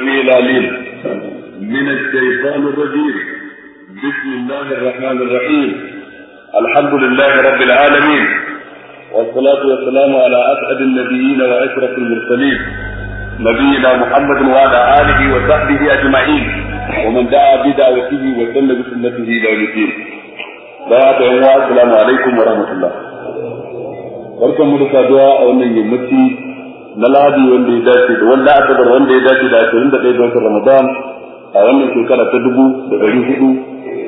سميع عليم من الشيطان الرجيم بسم الله الرحمن الرحيم الحمد لله رب العالمين والصلاة والسلام على أسعد النبيين وأشرف المرسلين نبينا محمد وعلى آله وصحبه أجمعين ومن دعا بدعوته وسن بسنته إلى يوم الدين السلام عليكم ورحمة الله barkan mu دعاء أو a wannan na ladi wanda ya dace da wanda bar wanda ya dace da ashirin da ɗaya ga ramadan a wannan shekara ta dubu da ɗari hudu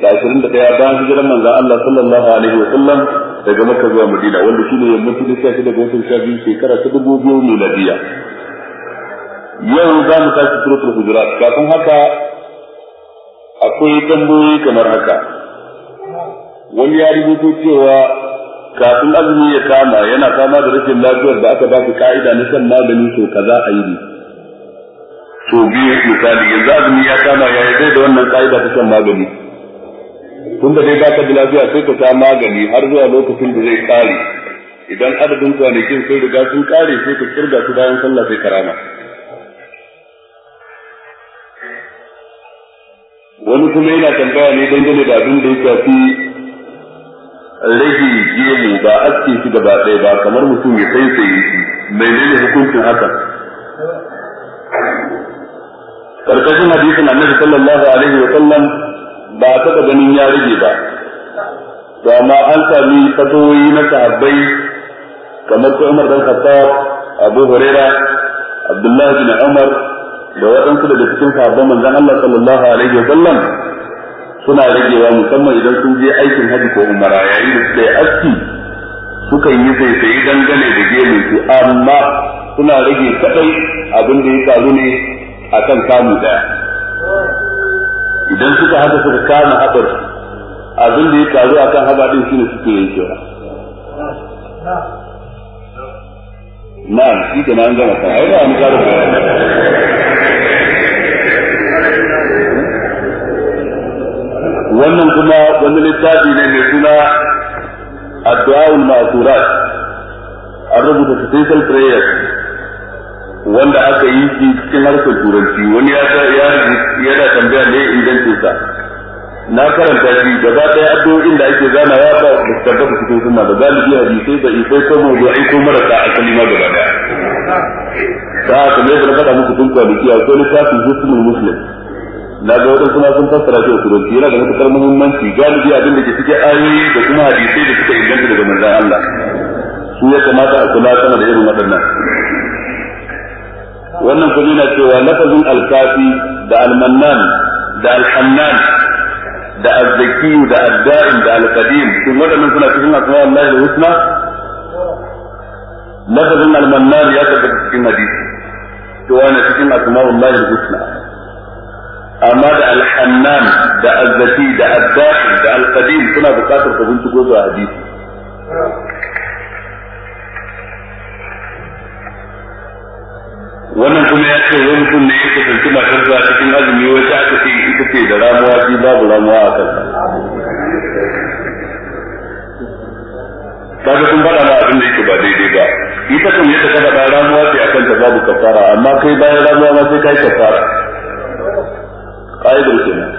da ashirin da ɗaya bayan hijiran Allah sallallahu alaihi wa sallam daga Makka zuwa Madina wanda shi ne yammaci da shafi daga ga shafi shekara ta dubu biyu miladiya. Yau za mu tashi suratul hujurat kafin haka akwai tambayoyi kamar haka. Wani ya rubuto cewa kafin azumi ya kama yana kama da rashin lafiyar da aka baki ka'ida na shan magani to za a yi to biyu misali yanzu azumi ya kama ya yi da wannan ka'ida ta shan magani tun da dai baka da lafiya sai ka sha magani har zuwa lokacin da zai kare idan adadin kwanakin sai riga sun kare sai ka kirga su bayan sallah sai karama wani kuma yana tambaya ne dangane da abin da ya shafi rage gemu ba aske shi gaba ɗaya ba kamar mutum ya saisaye shi menene hukuncin haka karkashin hadisin annabi sallallahu alaihi wa sallam ba a taɓa ganin ya rage ba to ma an sami fatoyi na sahabbai kamar ko Umar dan Khattab Abu Huraira Abdullah bin Umar da waɗansu daga cikin sahabban manzon Allah sallallahu alaihi wa sallam suna ragewa musamman idan sun je aikin haji ko umara yayin da suka yi aski suka yi saisaye dangane da gemin su amma suna rage kadai abin da ya karu ne akan kamu daya idan suka haka suka kama haɓar abin da ya kan akan haɓa din shine suke yankewa na'am shi na an gama kan ai ba mu karu wannan kuma wani littafi ne mai suna addu'a'ul ma'surat an rubuta special prayers wanda aka yi shi cikin harkar turanci wani ya ta ya yana tambaya ne ingancin sa na karanta shi gaba ɗaya addu'o'in da ake zana ya ba da tabbata cikin sunna da galibi hadisai da ifai ko mawdu'i ko marasa asali ma gaba ɗaya da haka ne da na faɗa muku tun kwanaki a ko littafin hisnul muslim na ga wadansu na sun fassara shi usulunci yana da matukar muhimmanci galibi abin da ke cikin ayoyi da kuma hadisai da suka inganta daga manzon Allah su ya kamata a kula sama da irin waɗannan wannan kuma yana cewa lafazin alkafi da almannan da alhannan da azzaki da adda'in da alqadim sun waɗannan suna cikin asma Allah da husna lafazin almannan ya tabbata cikin hadisi to wani cikin asma Allah da husna amma da alhannan da azzati da addaqi da alqadim suna buƙatar ka binciko su a hadisi wannan kuma ya ce wani mutum ne ya kusanci matar zuwa cikin azumi wai ta ake yi ita ce da ramuwa ji babu ramuwa a kan kaga sun faɗa ma abin da yake ba daidai ba ita kan yadda ka faɗa ramuwa ce akan ta babu kafara amma kai bayan ramuwa ma sai yi kafara qaidar kenan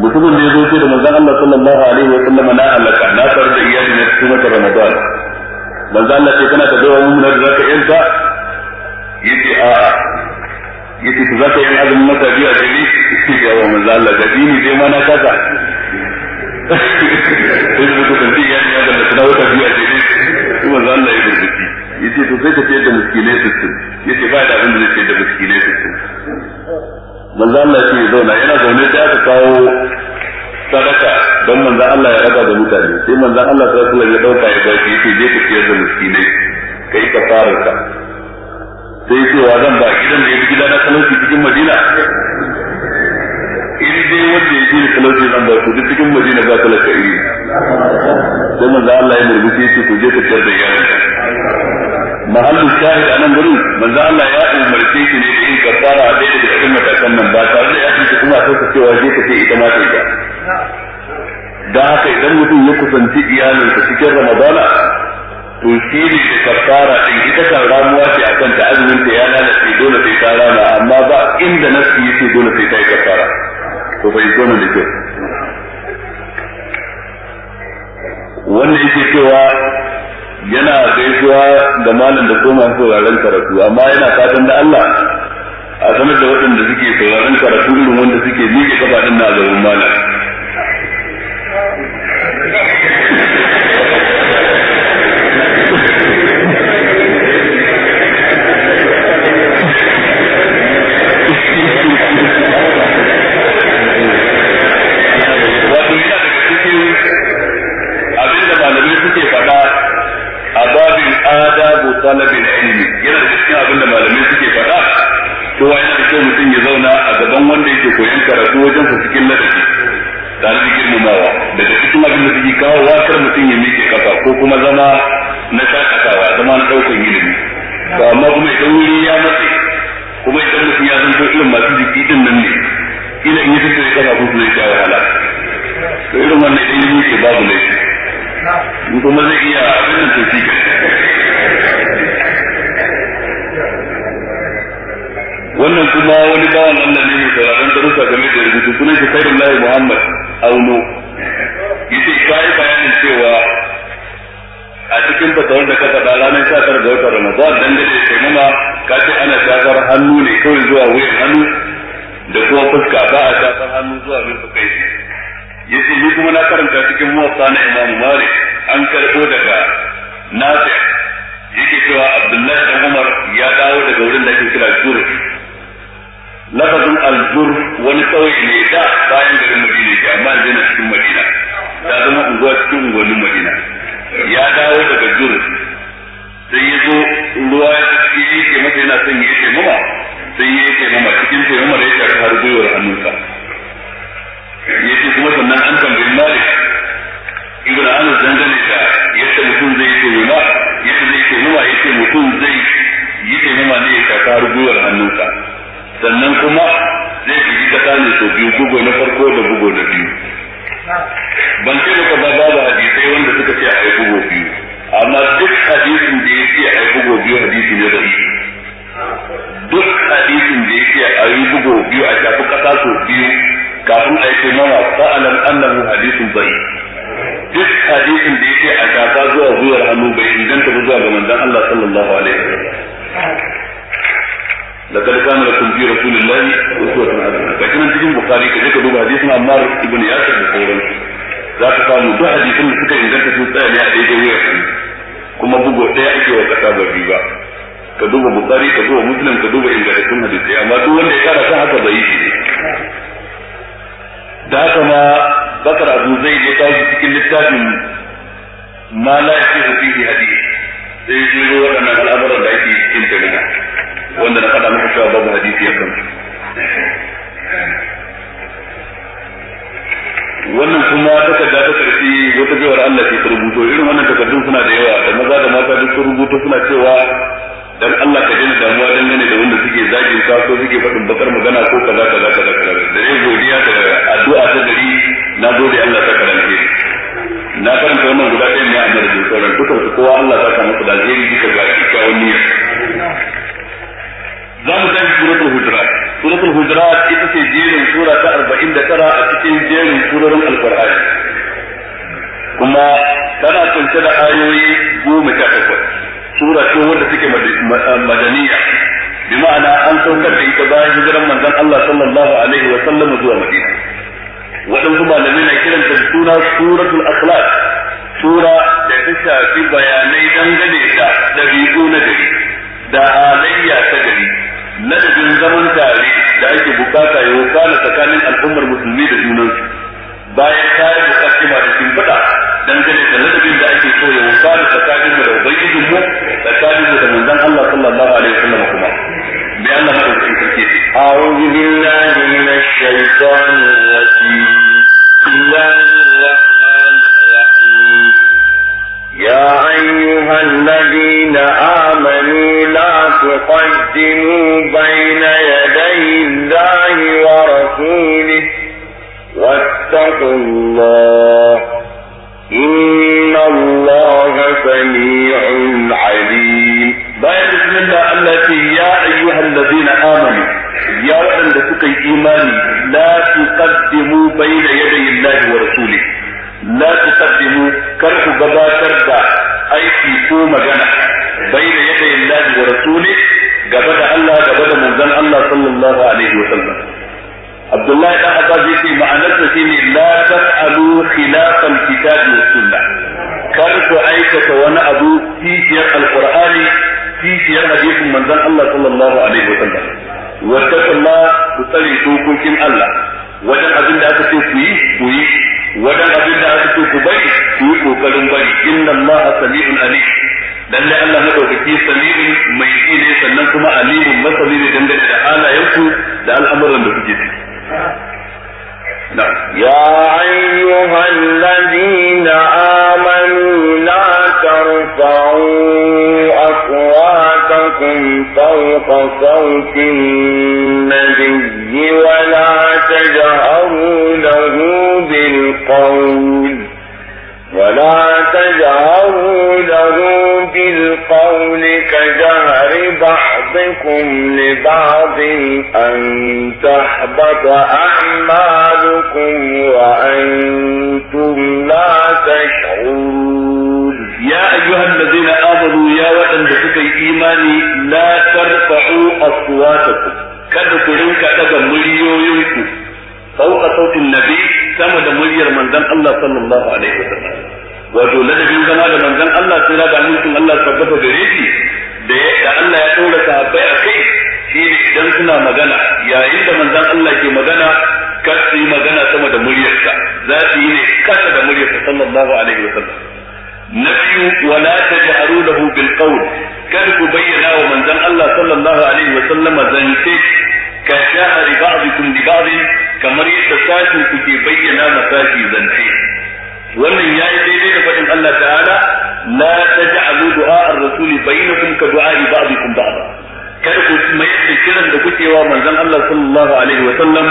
mutumin da ya zo da manzon Allah sallallahu alaihi wa sallam na alaka na tar da iyali ne cikin wata ramadan manzon Allah ce kana da dawa mun da zaka yanka yace a yace to zaka yin azumin mata biya da ni shi ya wa manzon Allah da dini dai ma na kasa in mutum da iyali ya da na wata biya da ni kuma zan Allah ya burbuki yace to sai ka ce da miskinai sittin yace ba da abin da zai ce da manzo Allah ce zauna yana zaune sai aka kawo sadaka don manzo Allah ya raba da mutane sai manzo Allah sallallahu alaihi wasallam ya dauka ya baki yace je ku ciyar da miskinai kai ka fara ka sai ce wa zan ba gidan da ya gida na talauci cikin Madina in dai wanda ya ji talauci zan ba ku cikin Madina ba talaka iri sai manzo Allah ya murmushi yace ku je ku shahid a nan gurin manzo Allah ya umarce shi ne in ka fara a daidai da cikin matakan nan ba tare da ya tsinci kuma sai ka cewa je ka ce ita ma ta ga da haka idan mutum ya kusanci iyalin sa cikin ramadana to shi ne da kafara din ita kan ramuwa ce akan ta azumin ta ya lalace dole sai ta rama amma ba inda nasu yake dole sai ta yi kafara to bai zo da kyau wannan yake cewa yana gaisuwa da malam da koma sauraron karatu amma yana fatan da Allah a sanar da waɗanda suke sauraron karatu irin wanda suke miƙe kafaɗin na gaban malam talabil ilmi yana da cikin abin da malamai suke faɗa cewa yana da kyau mutum ya zauna a gaban wanda yake koyon karatu wajen sa cikin ladabi tare da girmamawa daga cikin abin da suke kawo wasar mutum ya miƙe kafa ko kuma zama na shakatawa zama na ɗaukar ilimi to amma kuma idan wuri ya matse kuma idan mutum ya zanto irin masu jiki din nan ne ila in yi fito ya kafa ko kuma ya kawo hala to irin wannan ilimi ke babu laifi in kuma zai iya abin da to shi wannan kuma wani bawan Allah ne mai sauraron darussa game da rubutu kuma shi kai Allah Muhammad Aulo yace kai bayanin cewa a cikin fatawar da kaka da ranar sha tara ga watan Ramadan dan da ke nuna ka ce ana shakar hannu ne kawai zuwa wuyan hannu da kuma fuska ba a shakar hannu zuwa mirfukai yace ni kuma na karanta cikin muwatta na Imam Malik an karɓo daga Nafi yake cewa Abdullahi dan Umar ya dawo daga wurin da ake kira Jurayj lafazin aljur wani kauye ne da bayan garin madina ke amma zai na cikin madina ya zama unguwa cikin unguwannin madina ya dawo daga jur sai ya zo ruwa ya ce yi ke masa yana son ya ce mama sai ya ce mama cikin ce mama da ya shafi har gwiwar hannunsa ya ce kuma sannan an tambayi malik ibn anas dangane da yadda mutum zai ce mama yadda zai ce mama ya ce mutum zai yi ce mama ne ya shafi har gwiwar hannunsa sannan kuma zai fi kasa ne so biyu bugo na farko da bugo na biyu ban ce maka ba da hadisai wanda suka ce a yi bugo biyu amma duk hadisin da ya ce a yi bugo biyu hadisi ne da ishi duk hadisin da ya ce a yi bugo biyu a shafi kasa so biyu kafin a yi ce mana sa'alan annahu hadisin bai duk hadisin da ya ce a shafa zuwa zuwa hannu bai inganta zuwa ga manzon Allah sallallahu alaihi wasallam لقد كان لكم في رسول الله أسوة حسنة لكن أنت تجيب بخاري كذلك دوب حديث عمار ابن ياسر بقولا za ka samu duk hadisin da suka inganta sun tsaya ne a daidai wayar kuma bugu ɗaya ake wa kasa ba biyu ba ka duba bukari ka duba muslim ka ingantattun hadisi amma duk wanda ya kara haka bai yi da haka ma bakar zai ya tashi cikin littafin ma la yake fihi hadisi sai jiro waɗannan al'amuran da ake cikin jami'a wanda na faɗa muku cewa babu hadisi a kansu wannan kuma takarda ta karshe wata jawar Allah ke ta rubuto irin wannan takardun suna da yawa da maza da mata duk sun rubuto suna cewa dan Allah ka daina damuwa dangane da wanda suke zagin ka ko suke faɗin bakar magana ko kaza kaza kaza kaza da yin godiya da addu'a ta gari na gode Allah ta karanta na karanta wannan guda ɗaya ne a madadin sauran dukansu kowa Allah ta kama su da alheri duka ga kyakkyawan niyyar za mu tafi suratul hujurat suratul hujurat ita ce jerin sura ta 49 a cikin jerin surorin alqur'ani kuma tana kunshe da ayoyi goma sha takwas sura ce wanda take madaniya bi ma'ana an saukar da ita bayan hijiran manzon Allah sallallahu alaihi wa sallam zuwa Madina waɗansu malamai na kiranta ta suna suratul akhlaq sura da ta shafi bayanai dangane da dabi'u na dabi'u da alayya ta gari ladabin zaman tare da ake bukata ya wakana tsakanin al'ummar musulmi da junansu bayan kare da tsakima da kimfada dangane da ladabin da ake so ya wakana tsakanin mu da ubangijin mu tsakanin mu da manzon Allah sallallahu alaihi wasallam kuma bi Allah madaukakin sarki kike a'udhu billahi minash shaitanir rajim bismillahir rahmanir rahim ya أيها الذين آمنوا لا تقدموا بين يدي الله ورسوله واتقوا الله إن الله سميع عليم بعد بسم الله التي يا أيها الذين آمنوا يا أن تقي إيماني لا تقدموا بين يدي الله ورسوله la tuqaddimu kar ku gabatar da aiki ko magana bai yaday Allah wa rasuli gaba da Allah gaba da manzon Allah sallallahu alaihi wa sallam Abdullahi dan Abbas yace ma'anarsa shine la tas'alu khilaf al-kitab wa sunnah kar ku aikata wani abu kishiyar alqur'ani kishiyar hadisin manzon Allah sallallahu alaihi wa sallam wa taqulla ku tsare dokokin Allah wajen abin da aka ce ku wadan abin da aka ce ku bai ku yi kokarin bari inna Allah sami'un alim lalle Allah madaukaki sami'un mai ne sannan kuma alimun masani ne dangane da halayenku da al'amuran da kuke ciki يا أيها الذين آمنوا لا ترفعوا أصواتكم فوق صوت النبي ولا تجهروا له بالقول ولا تجهروا له بالقول كجهر بعضكم لبعض أن تحبط أعمالكم وأنتم لا تشعرون يا أيها الذين آمنوا يا وأن بسكي إيماني لا ترفعوا أصواتكم كدكم كدك مريوينكم fawqa sautin nabi sama da muryar manzon Allah sallallahu wato ladabin zama da manzon Allah sai da mulkin Allah tabbata gare shi da yadda Allah ya dora sahabbai a kai shi idan suna magana yayin da manzon Allah ke magana kar su yi magana sama da muryarsa za su yi ne kasa da muryarsa sallallahu alaihi na biyu wala tajharu lahu bil qawl kar ku bayyana wa manzon Allah sallallahu alaihi wa zance ka sha'ari ba'dikum li ba'd kamar yadda sashin ku ke bayyana masashi zance wannan yayi daidai da fadin Allah ta'ala la taj'alu du'a ar-rasuli bainakum ka du'a ba'dikum ba'd kada ku mai da kiran da kuke wa manzon Allah sallallahu alaihi wa sallam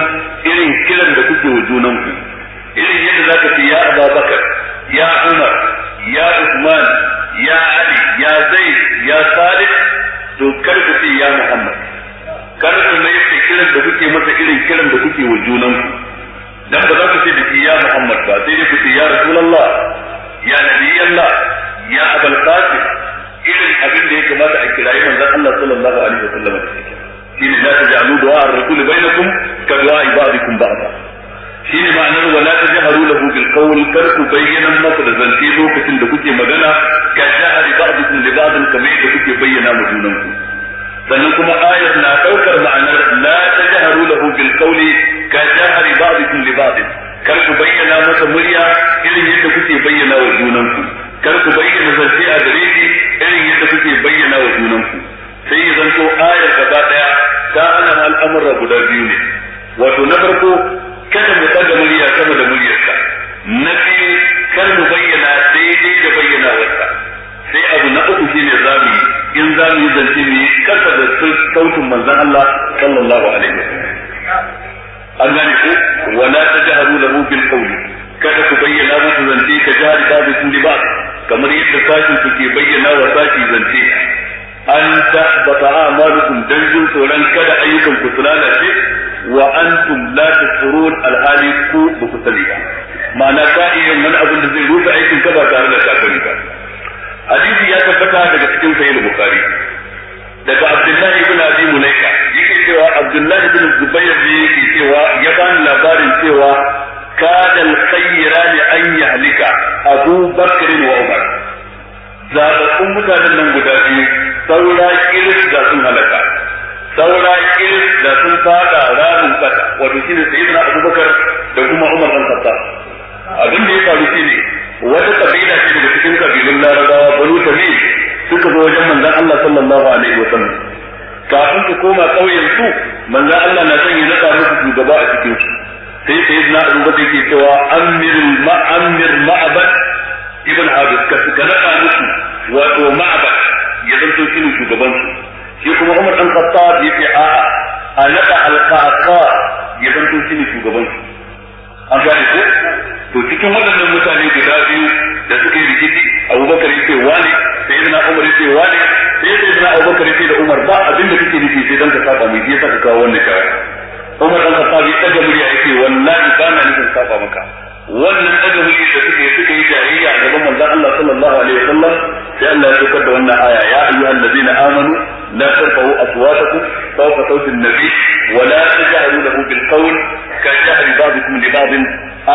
irin kiran da kuke wa junanku irin yadda za ka ce ya Abubakar ya Umar ya Usman ya Ali ya Zaid ya Salih to kar ku ce ya Muhammad kada su ne yake kiran da kuke masa irin kiran da kuke wa junan ku dan ba za ku ce da shi ya Muhammad ba sai dai ku ce ya Rasulullah ya Nabiyallah ya Abul Qasim irin abin da ya kamata a kirayi manzon Allah sallallahu alaihi wasallam da shi shine la taj'alu du'a ar-rasul bainakum ka du'a ibadikum ba'da shine ma'anar wa la tajharu lahu bil qawl kar ku bayyana maka da zance lokacin da kuke magana ka jahari ba'dukum li ba'din kamar da kuke bayyana mu junan ku sannan kuma ayat na daukar ma'anar la tajharu lahu bil qawli ka jahari ba'dikum li ba'd kar ku bayyana masa murya irin yadda kuke bayyana wa junanku kar ku bayyana zance a gare shi irin yadda kuke bayyana wa junanku sai ya zanto ayar gaba daya ta ana al'amura guda biyu ne wato na farko kada mu tsaga murya sama da muryarka na biyu kar mu bayyana daidai da bayyana wata sai abu na uku shine zamu yi in za mu yi zance mu kasa da sautin manzon Allah sallallahu alaihi wasallam an gane ko wala tajharu mu bil qawli kada ku bayyana musu zance ka jahar ta bi sun ba kamar yadda sashin su ke bayyana wa sashi zance an ta bata amalukum dan jin tsoron kada ayyukan ku su lalace wa antum la tashurun alhali ku ba ku sani ma'ana ka iya wani abin da zai rufe aikin ka ba tare da ka ba hadisi ya tabbata daga cikin sahih bukhari daga abdullah ibn abi mulaika yake cewa abdullah ibn zubayr yake cewa ya bani labarin cewa kada al-khayran an yahlika abu bakr wa umar kun mutanen nan guda biyu saura kiris da sun halaka saura kiris da sun fada ramin kasa wato shine sayyidina abubakar da kuma umar bin khattab abin da ya faru shine wata kabila daga cikin kabilun larabawa banu tamim suka zo wajen manzon Allah sallallahu alaihi wasallam kafin su koma ƙauyen su manzon Allah na son ya nada musu shugaba a cikin su sai sai na Abu Bakar ke cewa amirul ma'amir ma'abad ibn Habib ka suka nada musu wato ma'abad ya zanto shi ne shugaban su shi kuma Umar dan Khattab yake a'a a nada al-qaqa ya zanto shi ne shugaban su an gane ko to cikin waɗannan mutane guda biyu da suka yi rikici abubakar yake wane sai yana umar yake wane sai yana abubakar yake da umar ba abinda kake nufi sai dan ka saba mai yasa ka kawo wannan kawai umar dan ka sabi ɗaga murya yake wallahi ba na nufin saba maka wannan azumi da suke suke yi jariya a gaban manzon Allah sallallahu alaihi wasallam sai Allah ya saukar da wannan aya ya ayyuhal ladina amanu la tarfa'u aswatakum fawqa sawti an-nabi wa la tajharu lahu bil qawl ka jahri ba'dikum li ba'din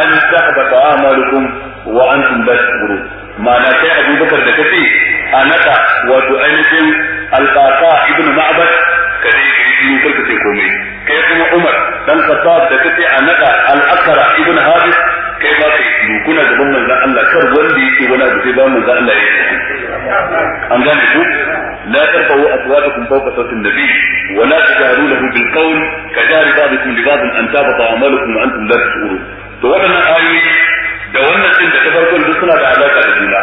an tahbata a'malukum wa antum la tashkurun ma'ana sai Abu Bakar da kace a nada wato ainihin alqaqa ibn ma'bad kadai yi karka ce komai kai kuma Umar dan Khattab da kace a nada al-Aqra ibn Habib kai ma kai rukuna gaban manzon Allah kar wanda yake wani abu sai ba manzon Allah ya yi an gane ku la tarfa'u aswatakum fawqa sawti an-nabi wa la tajharu lahu bil qawl kajari ba'dukum li ba'd an tabata amalukum wa antum la tash'urun to wannan ayoyi da wannan din da ta farko duk suna da alaka da juna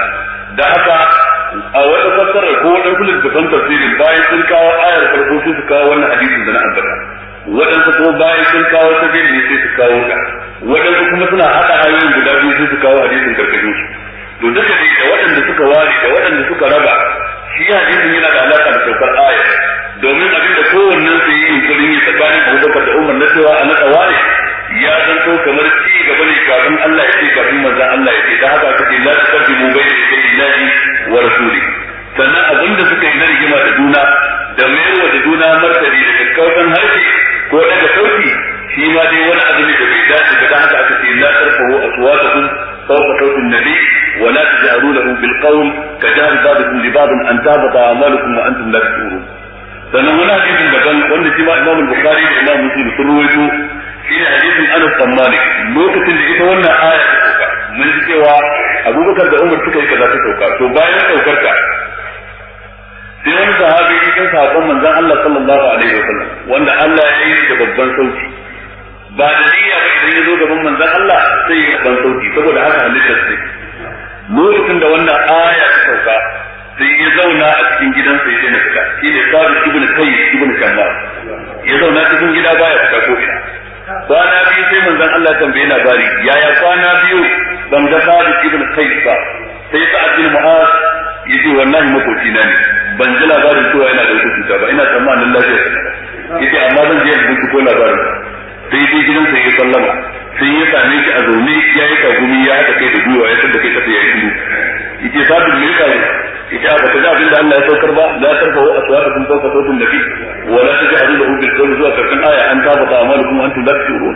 da haka a wata fassarar ko wani kullu da tafsirin bayan sun kawo ayar farko su kawo wannan hadisin da na ambata waɗansu kuma bayan sun kawo ta jirgi sai su kawo ka waɗansu kuma suna haɗa hanyoyin guda biyu sai su kawo hadisin karkashin su to duka dai da waɗanda suka ware da waɗanda suka raba shi hadisin yana da alaƙa da saukar aya domin abin da kowannen su yi yunkurin yi tsakanin abubakar da umar na cewa a naɗa ware ya zanto kamar ci gaba ne kafin Allah ya ce kafin manzan Allah ya ce da haka kake la tuqaddimu bayna yadayi أصواتكم فوق صوت النبي ولا تجهروا له بالقول كجهر بعضكم لبعض أن تهبط أعمالكم وأنتم لا تشعرون sannan wani hadisin daban wanda shi ma imamul bukhari da imam muslim sun ruwaito shi ne hadisin anas bin malik lokacin da ita wannan aya ta sauka mun ji cewa abubakar da umar suka yi kaza ta sauka to bayan saukar ka sai wani sahabi cikin sahabban manzon Allah sallallahu alaihi wasallam wanda Allah ya yi da babban sauki ba da niyya ba idan ya zo gaban manzon Allah sai ya ban sauki saboda haka ta sai lokacin da wannan aya ta sauka sai ya zauna a cikin gidansa ya daina fita shi ne sabu ibn kai ibn kanna ya zauna cikin gida baya fita ko ina kwana biyu sai manzon Allah tambaye bari. yaya kwana biyu ban ga sabu ibn kai ba sai sa'ad bin mu'az yace Wannan makoci na ne ban ji labarin cewa yana da wata cuta ba ina tsammanin lafiya yace amma zan je in binciko labarin sai dai gidan sai ya sallama sai ya same shi a zaune ya yi kagumi ya haka kai da gwiwa ya san da kai kasa ya yi shiru yake sabin mai kare ita ba ta ga abin da Allah ya saukar ba la tarfa wa aswara kun fawqa sawtin nabi wa la taj'alu lahu bil qawli zuwa karkan aya an ta bata amalukum an tudakkiru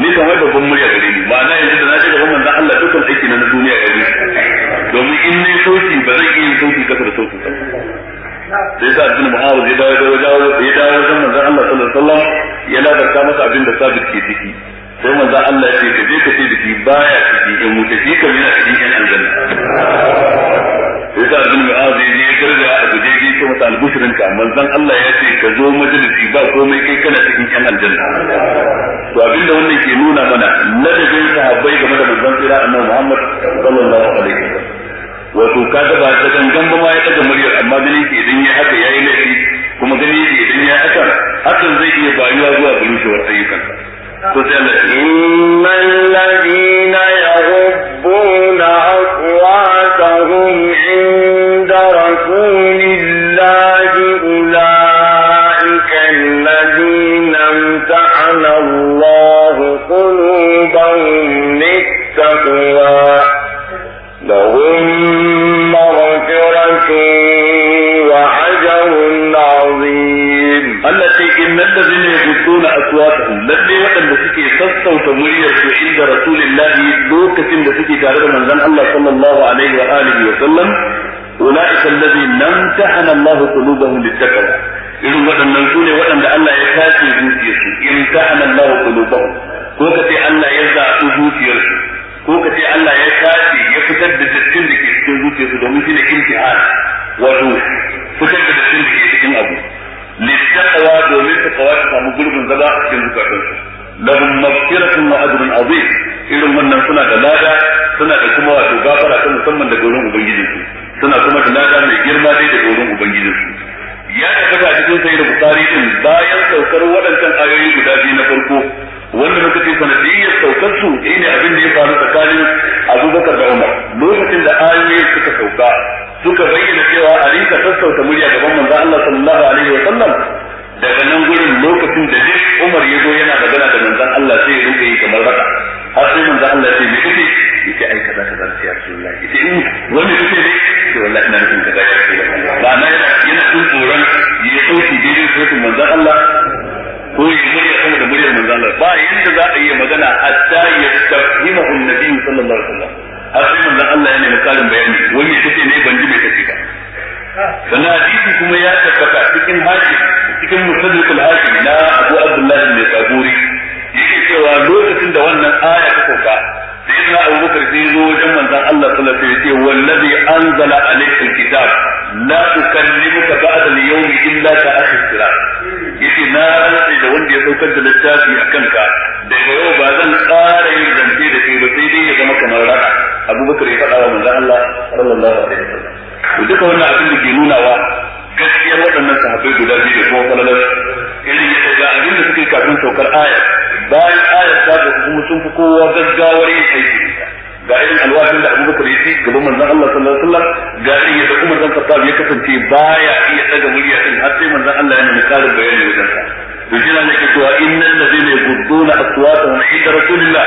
ni kan da ban murya gare ni ba na yanzu da na ce wannan da Allah dukkan aiki na duniya ya yi domin in ne sauki ba zai iya sauki kasa da sauki sai abin mu'awaz ya dawo ya dawo ya dawo ya abin da sabit ke ciki sai manzon Allah ya ce ka je ka ce da baya ciki in wuce shi kan yana cikin yan aljanna sai sa abin mu'awaz ya je garga a guje ji ce masa albushirin ka manzon Allah ya ce ka zo majalisi ba komai kai kana cikin yan aljanna to abin da wannan ke nuna mana ladabin sahabbai game da manzon tsira Muhammad sallallahu alaihi wasallam wato ka ga ba ta gangan ba ma ya daga muryar amma ganin ke idan ya haka ya yi laifi kuma gani ke idan ya haka hakan zai iya bayuwa zuwa ga rushewar ayyukan to sai Allah innal ladina yahubbuna aqwa lokacin da suke tare da manzon Allah sallallahu alaihi wa waɗanda Allah ya tace zuciyarsu in tahana Allah qulubahum ko ka ce Allah ya zaɓi zuciyarsu ko Allah ya tace ya fitar da dattin da ke cikin zuciyarsu domin shi ne imtihan wato fitar da dattin da ke cikin abu littaqwa domin taqwa ta samu gurbin zaba cikin zuciyarsu lahum maghfiratun wa ajrun azim irin wannan suna da lada suna da kuma wato gafara ta musamman daga wurin ubangiji su suna kuma da lada mai girma dai daga wurin ubangiji su ya tabbata a cikin sahih bukhari din bayan saukar waɗancan ayoyi guda biyu na farko wanda muka ce sanadiyyar saukar su ne abin da ya faru tsakanin Abubakar da Umar lokacin da ayoyi suka sauka suka bayyana cewa a rinka sassauta murya gaban manzo Allah sallallahu alaihi wa sallam daga nan gurin lokacin da duk Umar ya zo yana da gana da manzon Allah sai ya rinka yi kamar haka har sai manzon Allah sai ya kace yace ai kaza kaza sai Rasulullah yace in wani kace ne to wallahi ina nufin kaza da sai ba na yana tun tsoron ya dauki daidai sai manzon Allah ko ya murya sama da muryar manzon Allah ba yanda za a yi magana hatta ya tafahimahu annabi sallallahu alaihi wasallam har sai manzon Allah ya nemi karin bayani wani kace ne ban ji mai kace ka wannan hadisi kuma ya tabbata cikin hakim cikin musaddiqul hakim na Abu Abdullah mai saburi yake cewa lokacin da wannan aya ta sauka sai na Abu Bakar sai zo wajen manzon Allah sallallahu alaihi wasallam wallazi anzala alaykal kitab la tukallimuka ba'da al-yawm illa ka yace na rantsa da wanda ya saukar da littafi akan ka daga yau ba zan ƙara yin zance da kai ba sai dai ya zama kamar raka abubakar ya faɗa wa manzon Allah sallallahu alaihi wasallam to duka wannan abin da ke nuna wa gaskiyar waɗannan sahabbai guda biyu da kuma falalar irin yadda ga abin da suke kafin saukar aya bayan ayar ta da kuma sun fi kowa gaggawar yin aiki ga irin alwashin da abubakar ya ci gaban manzon Allah sallallahu alaihi wasallam ga irin yadda kuma manzon Khattab ya kasance baya iya daga murya din har sai manzon Allah ya nuna karin bayani wajen sa to shi ne ke cewa innal ladina yuqduna aswatahum inda rasulillah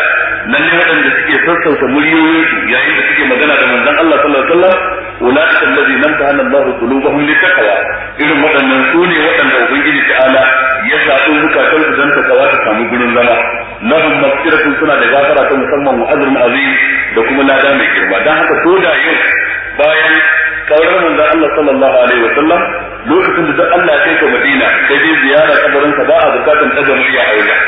lalle wadanda suke sassauta muryoyin su yayin da suke magana da manzon Allah sallallahu alaihi wasallam ulaika alladhina amtahana Allahu qulubahum litaqwa irin wadannan su ne wadanda ubangiji ta'ala ya zaɓi zukatan su dan takawa ta samu gurin zama lahum maghfiratun suna da gafara ta musamman wa azrun azim da kuma lada mai girma dan haka ko da yau bayan kaurar ga Allah sallallahu alaihi wa sallam, lokacin da duk Allah ya kai ka Madina sai dai ziyara kabarin sa ba a bukatun daga murya a wajen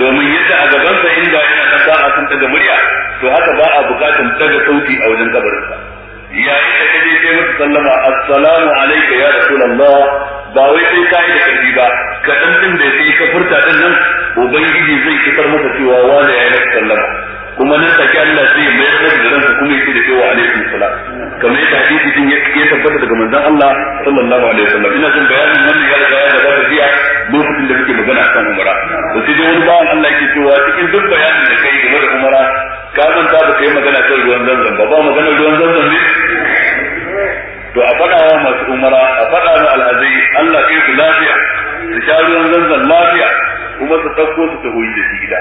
domin yadda a gaban sa inda yana da sa'a sun da murya to haka ba a bukatun daga sauti a wajen kabarin Ya yi da kaje sai mu sallama assalamu alayka ya rasulullah ba wai sai ka yi da karfi ba ka dan din da sai ka furta din nan ubangiji zai fitar maka cewa wani ya yi sallama kuma nan take Allah sai ya mayar da ransa kuma yake da cewa alaikum salam kamar yadda hadisi din ya tabbata daga manzon Allah sallallahu alaihi wasallam ina son bayanin wannan ya riga ba da biya lokacin da kake magana kan umara to sai dai wani bawan Allah yake cewa cikin duk bayanin da kai game da umara ka zan ta da kai magana kan ruwan zanzan ba ba magana ruwan zanzan ne to a fada wa masu umara a fada wa al'azai Allah kai su lafiya da sha ruwan zanzan lafiya kuma su ɗauko su taho da shi gida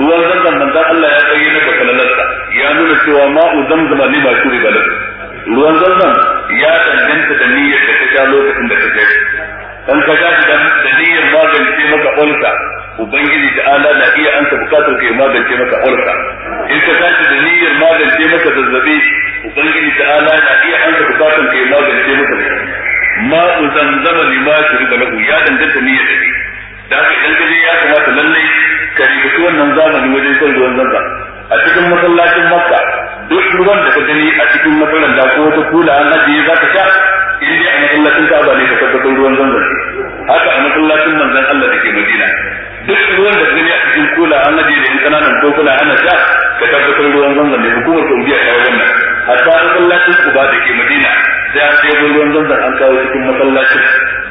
ruwan zanzan manzan Allah ya tsaye na bakalalarsa ya nuna cewa ma'u zamzama ne ba shuri ba ruwan zanzan ya danganta da niyyar da ta sha lokacin da ta kai dan ka ga da niyyar magance maka ulsa ubangiji da ala na iya ansa bukatar ka ya magance maka ulsa in ka tashi da niyyar magance maka zazzabi ubangiji da ala na iya ansa bukatar ka ya magance maka ma'u zamzama ne ma shuri ba ya danganta niyyar da da haka idan ka je ya kamata lallai ka rubuci wannan zamani wajen son ruwan zanzan a cikin masallacin makka duk ruwan da ka gani a cikin makaranta ko wata kula an ajiye za ka sha in dai a masallacin ba ne ka tabbatar ruwan zanzan haka a masallacin manzon Allah da ke Madina duk ruwan da gani a cikin kula an ajiye da yan kananan kokuna ana sha ka tabbatar ruwan zanzan ne hukumar Saudiya ta wannan hatta masallacin Quba da ke Madina sai an sai ruwan zanzan an kawo cikin masallacin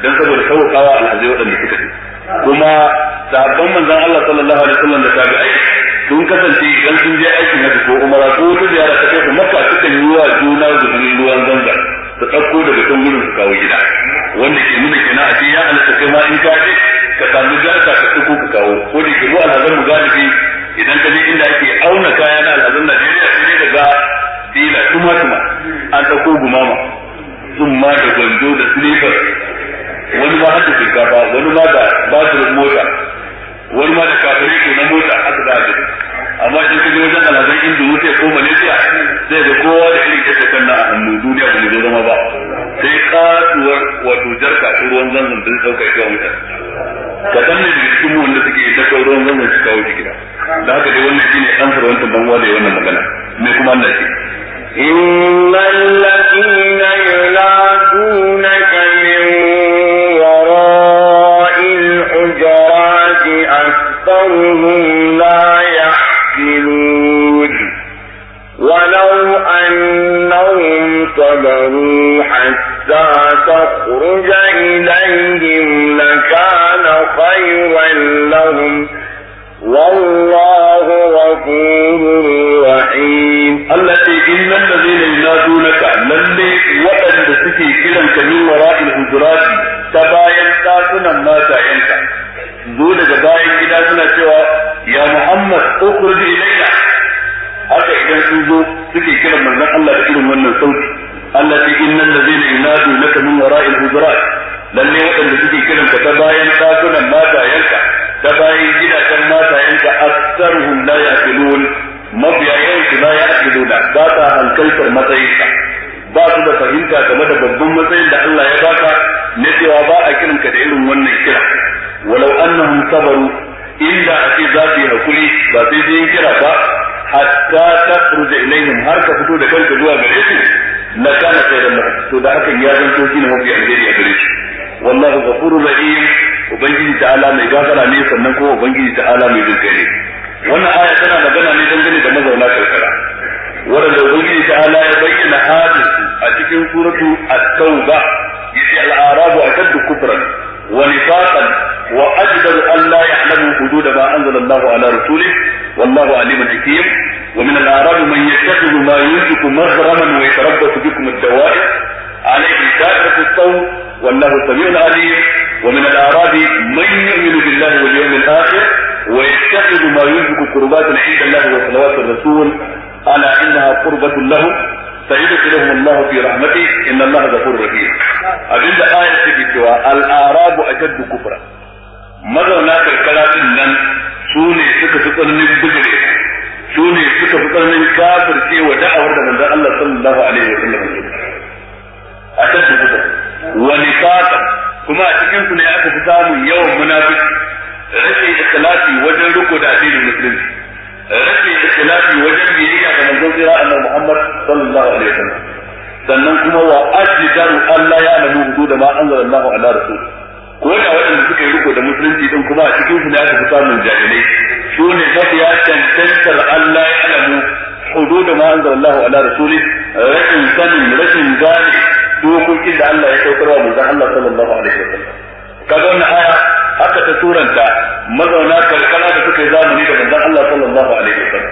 dan saboda sauƙawa alhazai waɗanda suka je kuma sahabban manzon Allah sallallahu alaihi wasallam da tabi'ai sun kasance idan sun je aiki na ko umara ko wata ziyara ta kai makka suka yi wa juna da ruwan ganga ta ɗauko daga kan gudun su kawo gida wanda ke nuna kenan a ya halatta kai ma in ka je ka samu jarka ka ɗauko ka kawo ko da ke ruwa alhazan mu galibi idan ka je inda ake auna kaya na alhazan Najeriya sai ne daga tila tuma tuma an ɗauko gumama tsumma da gondo da silifar wani ma haka shinkafa wani ma da batirin mota wani ma da kafin ko na mota aka da abin amma shi kuma wajen alhazan wuce ko malaysia zai ga kowa da irin ke kan na hannu duniya ba zo zama ba sai kasuwar wato jarka ta ruwan zanzan din sauka ita ka san ne daga cikin wanda suke da ruwan zanzan su kawo shi gida da haka dai wannan shine ansar wannan dan wale wannan magana me kuma Allah ce innal ladina yunaduna هم لا يحكمون ولو أنهم صبروا حتى تخرج إليهم لكان خيرا لهم والله غفور رحيم التي إن الذين ينادونك للي وأن تكي كلمك من وراء الحجرات تباين تاسنا ما تأينك zo daga bayan gida suna cewa ya Muhammad ukhruj ilayna haka idan sun zo suke kiran manzon Allah da irin wannan sauti Allah ce innal ladzina yunadu laka min wara'il hujurat lalle waɗanda suke kiran ka ta bayan dakunan matayenka ta bayan gidajen matayenka aksaruhum la yaqilun mafiya yawan su la yaqiluna ba ta hankaltar matsayinka ba su da fahimta game da babban matsayin da Allah ya baka na cewa ba a ka da irin wannan kira walau annahum sabaru inda ake za su yi hakuri ba sai sun kira ba hatta furuje ilaihim har ka fito da kanka zuwa gare su na kana da lahum to da hakan ya zan zanto shine mafi alheri a gare shi wallahu ghafurur rahim ubangiji ta'ala mai gafara ne sannan kuma ubangiji ta'ala mai jinkai ne wannan aya tana magana ne dangane da mazauna karkara waɗanda ubangiji ta ala ya bayyana halin su a cikin suratu at-tauba yace al-arabu ashaddu kufran wa nifaqan wa ajdar an la ya'lamu hudud ma anzala Allahu ala rasulih wallahu alimun hakim ومن الأعراب من يتخذ ما ينفق مغرما ويتربص بكم الدوائر عليه دائرة الصوم والله سميع عليم ومن الأعراب من يؤمن بالله واليوم الآخر ويتخذ ما ينفق قربات عند الله وصلوات الرسول ألا إنها قربة لهم سيدخلهم الله في رحمته إن الله غفور رحيم أبين آية تجي سوى الأعراب أشد كفرا mazauna karkara din nan su suka fi tsananin bijire su ne suka fi tsananin kafirce wa da'awar da manzon Allah sallallahu alaihi wa sallam a tattu kusa wa nifaqa kuma a cikin su ne aka fi samun yawan munafiki rashin ikhlasi wajen riko da addinin musulunci rashin ikhtilafi wajen biyayya ga manzon jira annabi Muhammad sallallahu alaihi wasallam sannan kuma wa ajdaru Allah ya alamu da ma anzala Allah ala rasul ko da waɗanda suka yi riko da musulunci din kuma a cikin su ne aka fi samun jahilai su ne mafiya cancantar Allah ya alamu da ma anzala Allah ala rasul rashin sanin rashin gane dokokin da Allah ya saukarwa manzon Allah sallallahu alaihi wasallam kaga wannan aya haka ta turanta mazauna karkara da suka yi zamani da manzon Allah sallallahu alaihi wasallam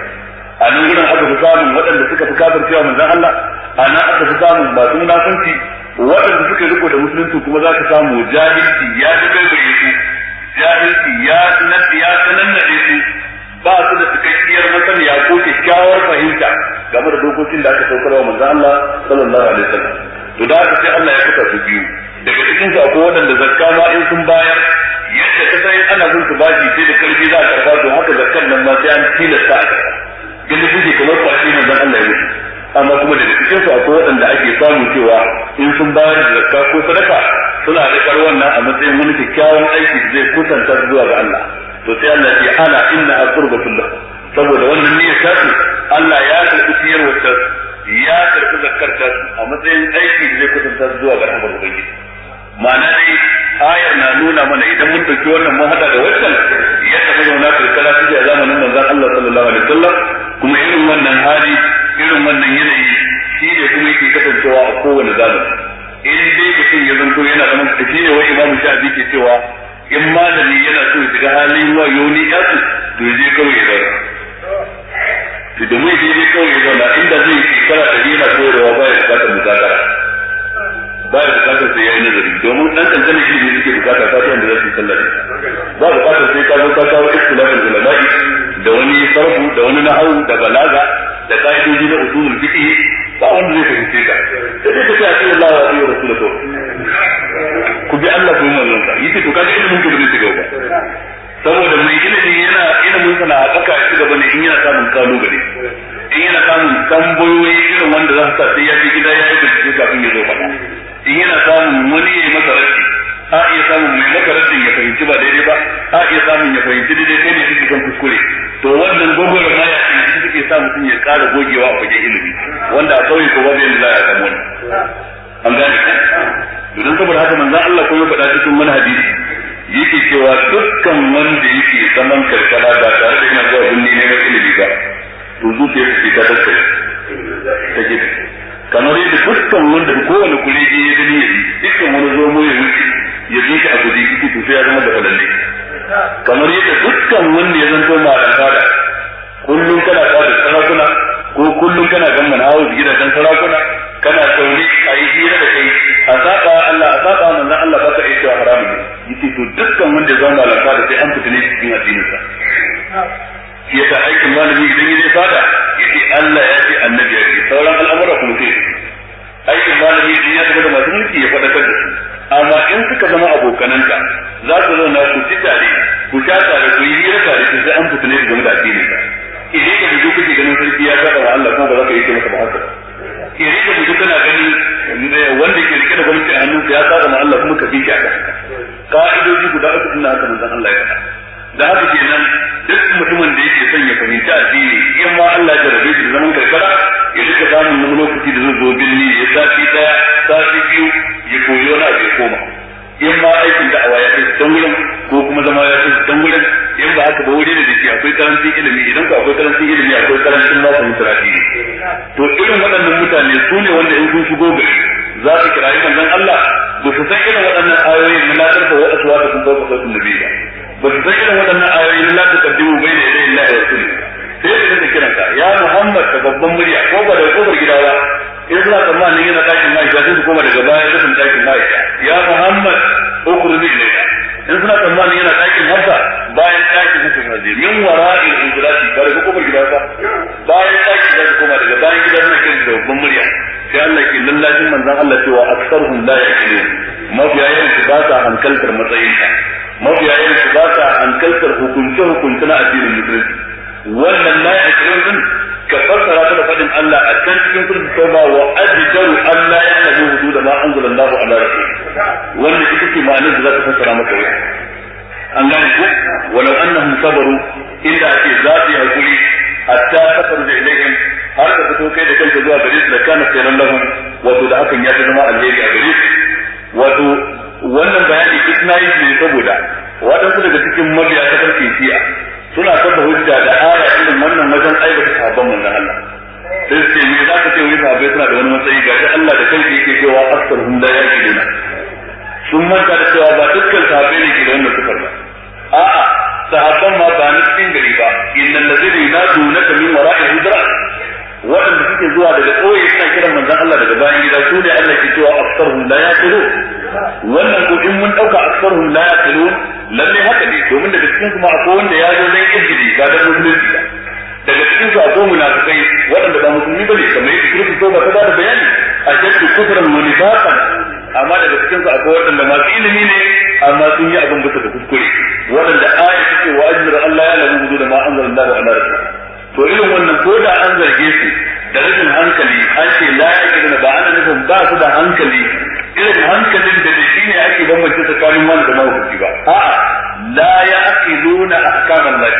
a nan gidan haka fi samun waɗanda suka fi cewa manzon Allah a nan aka fi samun masu munafunci waɗanda suka riko da musulunci kuma za ka samu jahilci ya ji gargaye su jahilci ya ya sanannaɗe su ba su da cikakkiyar masaniya ko kyakkyawar fahimta game da dokokin da aka saukar wa manzon Allah sallallahu alaihi wasallam to da haka sai Allah ya kuka su biyu daga cikin su akwai waɗanda zakka ma in sun bayar yadda ta sai ana son su bashi sai da karfi za a karba to haka zakkan nan ma sai an tilasta gani kuke kamar kwashi ne dan Allah ya mutu amma kuma daga cikin su akwai waɗanda ake samu cewa in sun bayar da zakka ko sadaka suna rikar wannan a matsayin wani kyakkyawan aiki zai kusanta zuwa ga Allah to sai Allah ya ana inna aqurbatul lahu saboda wannan niyyar tasu Allah ya karbi siyarwar tasu ya karbi zakkar tasu a matsayin aiki da zai kusanta zuwa ga Allah ubangiji ma'ana dai ayar na nuna mana idan mun dauki wannan mun hada da wannan ya tafi zauna karkara su a zamanin manzon Allah sallallahu alaihi wasallam kuma irin wannan hali irin wannan yanayi shi ne kuma yake kasancewa a kowane zamani in dai mutum ya zanto yana zaman shi ne wai imamu shafi ke cewa in malami yana so ya shiga halin wa yoni yasu to je kawai ya zauna to domin je kawai ya zauna inda zai shekara da yana koyarwa baya bukatar muzakara ba ya bukatar sai ya yi nazari domin dan kankanin ilimi suke bukata ta ta yadda za su yi sallah ba bukatar sai ka zo ka kawo ikhtilafin ulama'i da wani sarfu da wani na'au da balaga da ka'idoji na usulul fiqh ba wanda zai fahimce ka sai dai kace ayi Allah wa ayi rasulahu ku bi Allah ku manzon ka yace to kaga ilimin ku ba zai shiga ba saboda mai ilimi yana ilimin sa na haƙaƙa shi gaba ne in yana samun kalubale in yana samun tambayoyi irin wanda za su sa sai ya fi gida ya fi bincike kafin ya zo faɗa in yana samun wani ya yi masa rashi a iya samun mai maka rashin ya fahimci ba daidai ba a iya samun ya fahimci daidai kai ne kike kan kuskure to wannan gogoro ma ya shi suke sa mutum ya ƙara gogewa a fage ilimi wanda a sauyi ko babu yadda za a samu wani an gane ka don saboda haka manzan Allah ko ya faɗa cikin wani hadisi yake cewa dukkan wanda yake zaman karkara ba tare da yana zuwa birni ne na ilimi ba to zuciyarsa ce ta daskare take kamar yadda dukkan wanda kowane kuleji ya gani ya yi dukkan wani zomo ya wuce ya bi shi a guji iki to sai ya zama da falalle kamar yadda dukkan wanda ya zanto malam kada kullum kana fada sarakuna ko kullum kana gamman hawa kan sarakuna kana sauri a yi hira da kai a saba Allah a saba manzon Allah ka yi cewa haramun ne yace to dukkan wanda ya zama malam kada sai an fitine cikin addinin sa ya sa aikin malami idan ya je fada ya ce Allah ya ce annabi ya ce sauran al'amura kuma sai aikin malami idan ya zama da masu mulki ya faɗakar da su amma in suka zama abokananka za su zauna ku ci tare ku sha tare ku yi hira tare ku sai an fitine su game da addinin ka idan ka fito kuke ganin sarki ya saba wa Allah kuma ba za ka yi ce masa ba haka ke rike mutum kana ganin wanda ke rike da gwamnati a hannunsa ya saba ma Allah kuma ka bi shi a kan ka'idoji guda uku din haka manzon Allah ya faɗa da haka kenan duk mutumin da yake son ya fahimci addini in ma Allah ya jarabe shi da zaman karkara ya duka samun wani lokaci da zai zo birni ya sati daya sati biyu ya koyi wani abu ya koma in ma aikin da'awa ya kai dan wurin ko kuma zama ya kai dan wurin in ba haka ba wuri da dake akwai karancin ilimi idan ko akwai karancin ilimi akwai karancin ma fahimtar addini to irin waɗannan mutane su ne wanda in sun shigo gari za su kirayi manzon Allah ba su san irin waɗannan ayoyin na lafiya wa da sun ba su nabi ba بس زي ما قلنا لا تقدموا بين يدي الله ورسوله sai ya da kiranka ya Muhammad da babban murya ko ba da kofar gida ba in suna tsammanin yana ɗakin ma'aikata sai su koma daga baya ya sun ɗakin ma'aikata ya Muhammad ko kurmi ne in suna tsammanin yana ɗakin hafsa bayan ɗakin hafsa na je min wara in injilati ba daga kofar gida ba bayan ɗakin za su koma daga bayan gida suna kiran da babban murya sai Allah ke lallashin manzon Allah cewa aksarhum la yaqilun mafiya yawan su ba sa hankaltar matsayinka mafiya yawan su ba sa hankaltar hukunce hukunce na addinin musulunci wannan na ya ashirin din ka fassara ta da fadin Allah a kan cikin surat tauba wa ajdaru an la yanabu da ma anzalallahu ala rasul wannan ita ce ma'anar da za ta fassara maka yau an gane ko walau annahum sabaru inda ake za su yi hakuri ta kasar da ilaihim har ka fito kai da kanka zuwa gare su da kana sayar lahum wato da hakan ya zama alheri a gare wato wannan bayani ita na yi ne saboda waɗansu daga cikin mabiya ta karfe shi'a suna saba hujja da ara irin wannan wajen aikata sabon manzon Allah sai su ce me za ka ce wani sahabbai suna da wani matsayi gashi Allah da kanki yake cewa da la dina sun manta da cewa ba dukkan sahabbai ne ke da wannan sufar ba a'a sahabban ma ba na cikin gari ba innal ladina yunadunaka min wara'i hijra waɗanda suke zuwa daga ƙauye suna kiran manzon Allah daga bayan gida su ne Allah ke cewa aksarhum la yaqilu wannan ko in mun dauka aksarhum la yaqilu lalle haka ne domin daga cikin kuma akwai wanda ya zo dan ibdi ga dan musulunci daga cikin su akwai munafikai waɗanda ba musulmi bane kamar yadda kirkin so ba ta da bayani a jaddu kufran wa nifaqan amma daga cikin su akwai waɗanda masu ilimi ne amma sun yi abin bisa da kuskure waɗanda aya take wa ajmir Allah ya lamu da ma anzalallahu ala rasulih to irin wannan ko da an zarge su da rashin hankali an ce la yaqina ba ana nufin ba su da hankali irin hankalin da da shine ake bambance tsakanin wani da mahaukaci ba a'a la a ahkaman lahi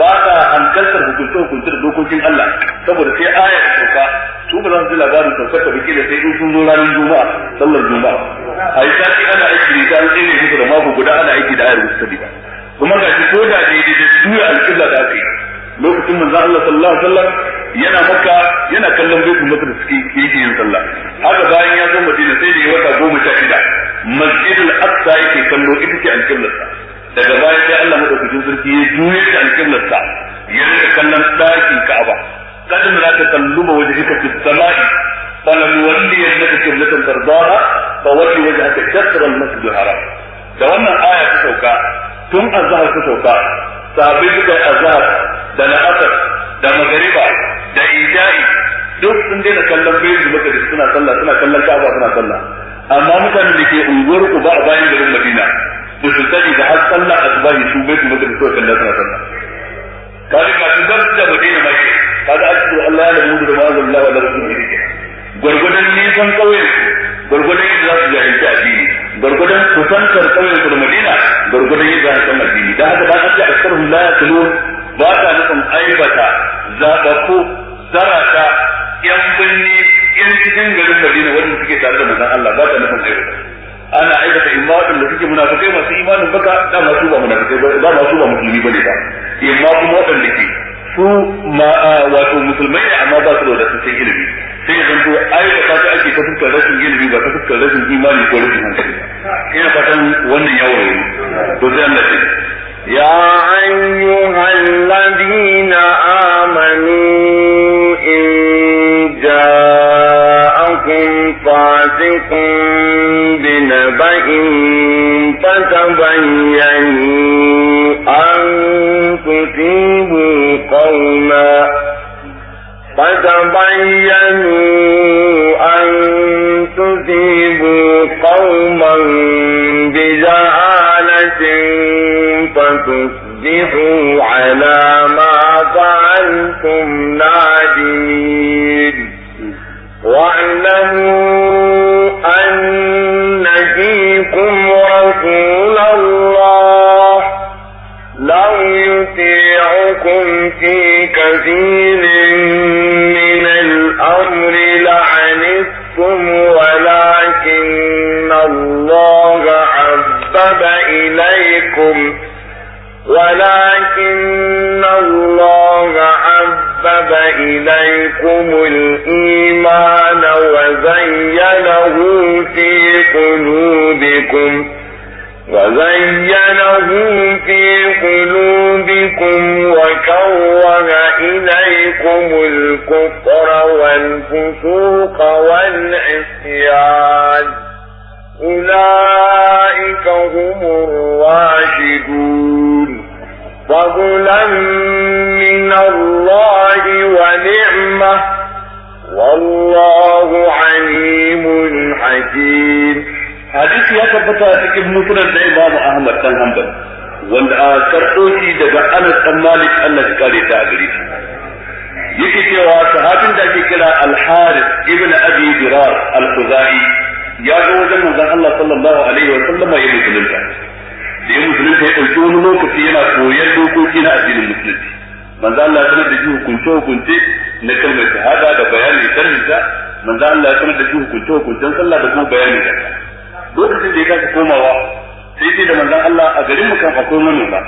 ba sa hankaltar hukunce hukunce da dokokin Allah saboda sai aya ta sauka su ba za su ji labarin saukar ta biki da sai in sun zo ranar juma'a sallar juma'a a yi sati ana aiki ne da an tsere musu da mako guda ana aiki da ayar wasu sabi ba kuma ga shi ko da daidai da juya alƙibla da aka lokacin manzo Allah sallallahu alaihi wasallam yana maka yana kallon da maqdis yake yin sallah haka bayan ya zo madina sai da ya wata goma sha shida masjidul aqsa yake kallo ita ce alqiblarsa daga baya sai Allah madaukakin sarki ya juye ta alqiblarsa ya rika kallon dakin Ka'aba kada mun raka kalluba wajhika fis samai فلنولينك قبلة ترضاها فولي وجهك شطر المسجد haram da wannan aya ta sauka tun azhar ta sauka sabis da azab da la'asar da magariba da ijai duk sun daina kallon bayan maka da suna sallah suna kallon ka'aba suna sallah amma mutanen da ke unguwar ku ba a bayan garin madina ku su sani da har sallah asbahi su bayan maka da suka kallon suna sallah kaji ka sun da madina ma ke kaga a cikin Allah ya da mu da ma'azin Allah wa da gwargwadon nisan kauyen gwargwadon yadda za su jahilci addini gwargwadon kusantar kauyen su da madina gwargwadon yadda za su san addini da haka ba a ce askarhum laya yaqulun ba ta nufin aibata ko zarata yan birni in cikin garin madina wanda suke tare da manzon Allah ba ta nufin aibata ana aibata imma waɗanda suke munafikai masu imanin baka da masu ba munafikai ba masu ba musulmi ba ne ba imma kuma waɗanda ke su ma wato musulmai ne amma ba su da wadatar ilimi sai ya zanto aikata ta ake ta fuskar rashin ilimi ba ta fuskar rashin imani ko rashin hankali ina fatan wannan ya wayo to sai Allah ce ya ayyuhal ladina amanu in ja'akum fasiqun binaba'in fatabayyanu an tusibu qauman فتبينوا أن تصيبوا قوما بجهالة فتصبحوا على ما فعلتم نادمين واعلموا أن فيكم رسول الله لو يطيعكم في كثير عليكم ولكن الله حبب إليكم الإيمان وزينه في قلوبكم وزينه في قلوبكم وكره إليكم الكفر والفسوق والعصيان أولئك هم الراشدون فضلا من الله ونعمة والله عليم حكيم حديث يا تبتا ابن مسلم الإمام أحمد بن حنبل wanda a karɓo shi daga Anas ɗan Malik Allah ya kare ta a gare shi da ake kira Al-Harith ibn al ya zo wajen manzon Allah sallallahu alaihi wa sallama ya musulunta da ya musulunta ya ɗauki wani lokaci yana koyar dokoki na addinin musulunci manzan Allah sanar da shi hukunce hukunce na kalmar shahada da bayanin kalmar manzo Allah sanar da shi hukunce hukuncen sallah da kuma bayanin ta lokacin da ya kasa komawa sai sai da manzon Allah a garin mu kan akwai manoma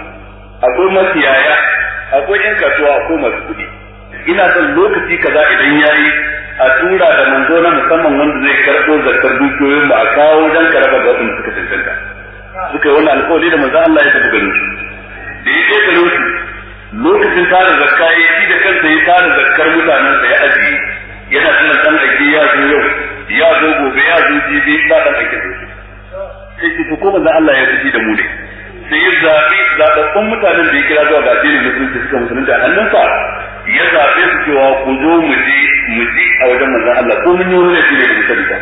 akwai makiyaya akwai yan kasuwa akwai masu kuɗi ina son lokaci kaza idan yayi a tura da manzo na musamman wanda zai karɓo zakar dukiyoyin ba a kawo dan karaba ga wasu suka cancanta suka yi wani alƙawari da manzo Allah ya tafi gani da ya je garin su lokacin tara zakka ya yi da kansa ya tara zakkar mutanen sa ya ajiye yana tunan dan ake ya zo yau ya zo gobe ya zo jibi ba dan ake zo sai ki ko manzo Allah ya tafi da mu ne sai ya zaɓi zaɓaɓɓun mutanen da ya kira zuwa ga addinin musulunci suka a hannunsa ya zaɓe su cewa ku zo mu je mu ji a wajen manzon Allah ko mun yi wani laifi ne da mutum ba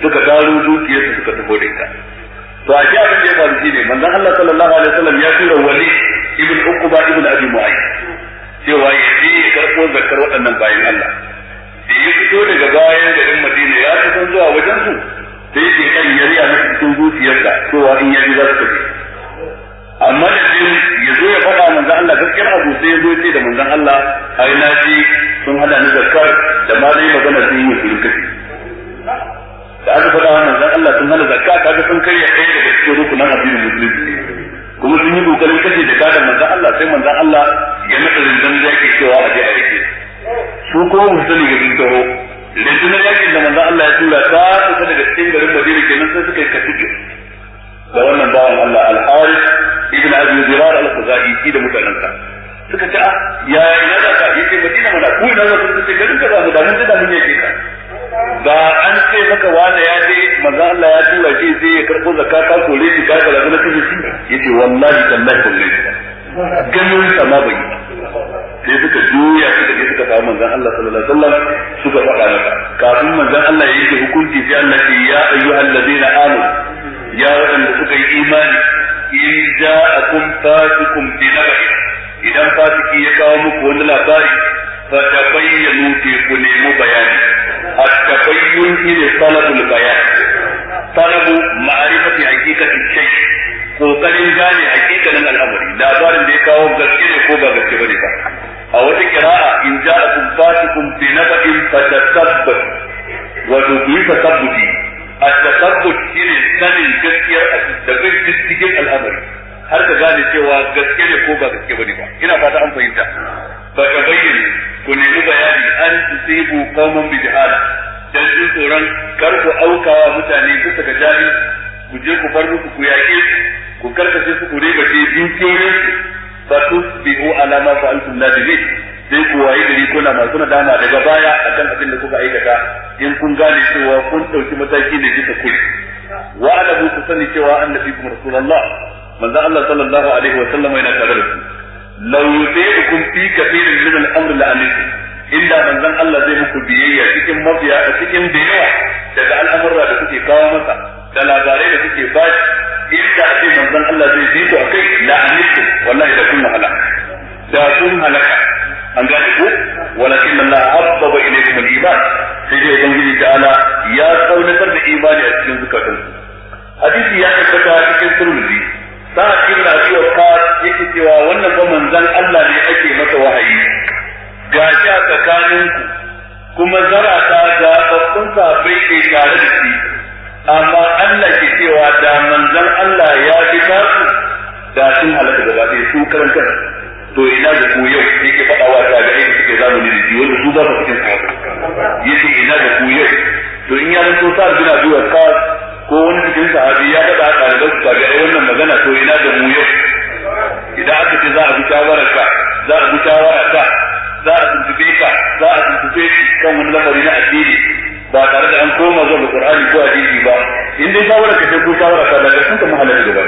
suka gano dukiyar su suka tafi da ita to a ji abin da ya faru shine manzon Allah sallallahu alaihi wasallam ya tura wali ibn uqba ibn abi mu'ayy cewa ya je ya karɓo zakar waɗannan bayan Allah da ya fito daga bayan garin Madina ya fi zuwa wajen su sai ke kan yariya na cikin zuciyarsa cewa in yaji za su tafi amma da ya zo ya faɗa manzo Allah gaskiyar abu sai ya zo ya ce da manzo Allah ai na ji sun hada ni zakar da ma dai magana sai yi su rikici da aka faɗa wa manzon Allah sun hada zakka kaga sun karya ɗaya daga cikin rukunan addinin musulunci kuma sun yi kokarin kace da kada manzo Allah sai manzo Allah ya nada rindan da yake cewa a je a yake su kuma musulmi ga sun taho rindunar yakin da manzo Allah ya tura ta kusa daga cikin garin Madina kenan sai suka yi katibi da wannan bawan Allah al-Harith ibn Abi Dirar al-Khuzai shi da mutanansa suka ce ah, ya ina da ka yake Madina mana ku ina za ku ce garin ka za mu da mun da mun yake ka ga an ce maka wani ya je manzo Allah ya tura shi sai ya karbo zakka ka kore shi ka ga na kashi shi yace wallahi tallahi kullai ganin sa ma bai sai suka juya suka je suka samu manzon Allah sallallahu alaihi wasallam suka faɗa maka kafin manzon Allah ya yi hukunci sai Allah ya ayyuhal ladina amanu ya waɗanda suka yi imani in da ja'akum fasiqun bi nabain idan fasiki ya kawo muku wani labari fa bayyana fi ku nemi bayani at-tabayyun ila talabul bayan talabu ma'rifati haqiqati shay kokarin gane haqiqanin al'amari labarin da ya kawo gaske ne ko ba gaske bane ba a wata kira'a in da ja'akum fasiqun bi nabain fa tasabbat wa tuqisa sabbi a tasabbut shine sanin gaskiyar da bin diddigin al'amari har ka gane cewa gaske ne ko ba gaske bane ba ina fata an fahimta ba ka bayyana ku nemi bayani an tusibu qauman bi jahala dan jin tsoron kar ku aukawa mutane bisa ga jahil ku je ku bar musu ku yaƙe ku karkace su ku riba ce dukiyoyin su fa tusbihu ala ma fa'altum nadimin sai ku waye gari na masu nadama daga baya akan abin da kuka aikata in kun gane cewa kun ɗauki mataki ne bisa kuri wa alamu ku sani cewa annabi kuma rasulullah manzo Allah sallallahu alaihi wa sallam yana tare da ku law yutiikum fi kathirin min al-amr la'anisu inda manzon Allah zai muku biyayya cikin mafiya a cikin da daga al'amurra da kuke kawo masa da labarai da kuke bashi, shi inda ake manzon Allah zai bi su akai la'anisu wallahi da kun halaka da kun halaka an gane ku walakin Allah habbaba ilaykum al-iman sai dai ubangiji ta'ala ya saunatar da imani a cikin zakatun hadisi ya tabbata cikin turmizi sa'ad ibn abi waqqas yake cewa wannan ba manzon Allah ne ake masa wahayi gashi a tsakaninku kuma zarata ga babban sahabbai ke tare da shi amma Allah ke cewa da manzon Allah ya fi tasu da sun halaka gaba ɗaya su karan to ina da ku yau yake faɗa wa ta ga suke suke zamani da jiwon da su za su cikin sahabi yake ina da ku yau to in ya zanto sa bin abu ya ka ko wani cikin sahabi ya daɗa da su tabi ai wannan magana to ina da mu yau idan aka ce za a bi shawarar ka za a bi shawara za a tuntube ka za a tuntube shi kan wani lamari na addini ba tare da an koma zuwa ga Qur'ani ko hadisi ba in dai shawara ka ce ko shawara ka daga sun ta mahalar gaba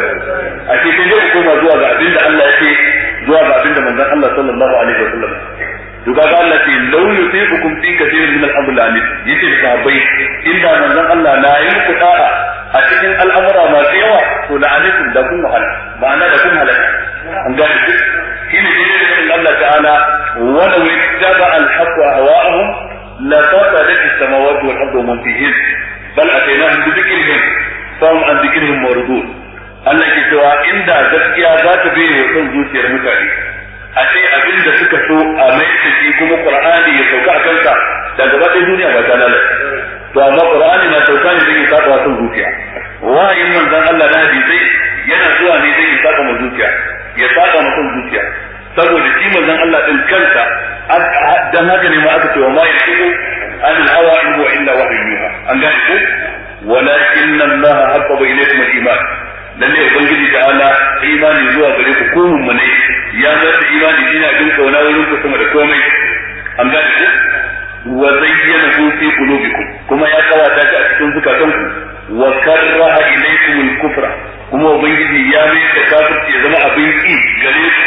a ce sai dai koma zuwa ga abin da Allah yake zuwa ga abin da manzon Allah sallallahu alaihi wasallam to kaga Allah ce law yusibukum fi kathirin min al-amlani yace sahabbai inda manzon Allah na yi muku da'a a cikin al'amura masu yawa to la'anikum da kun wahala ma'ana da kun halaka an ga shi ne da Allah ta'ala wa law ittaba al-haqqa hawa'ahum la fasadat as-samawati wal ardu man fihin bal atainahum bi dhikrihim fahum an dhikrihim muridun Allah ke cewa inda gaskiya za ta bayyana son zuciyar mutane a ce suka so a mai shi kuma Qur'ani ya sauka a kansa da gaba duniya ba ta lalace to amma Qur'ani na sauka ne zai saba son zuciya wa'ayin manzon Allah na hadisi yana zuwa ne zai saba mu zuciya ya saba mu son zuciya saboda shi manzon Allah din kansa dan haka ne ma aka ce wa ma yaqiqu an al-hawa in huwa illa wahyun yuha an gane ko walakin Allah habbaba ilaykum al dan ne ubangiji da ala imani zuwa gare ku ko mun ne ya zata imani ina jin kauna wurin ku kuma da komai an gane ko wa zayyana ku fi qulubikum kuma ya kawata ta a cikin zukatanku wa karraha ilaykum al-kufra kuma ubangiji ya mai da kafirci ya zama abin ki gare ku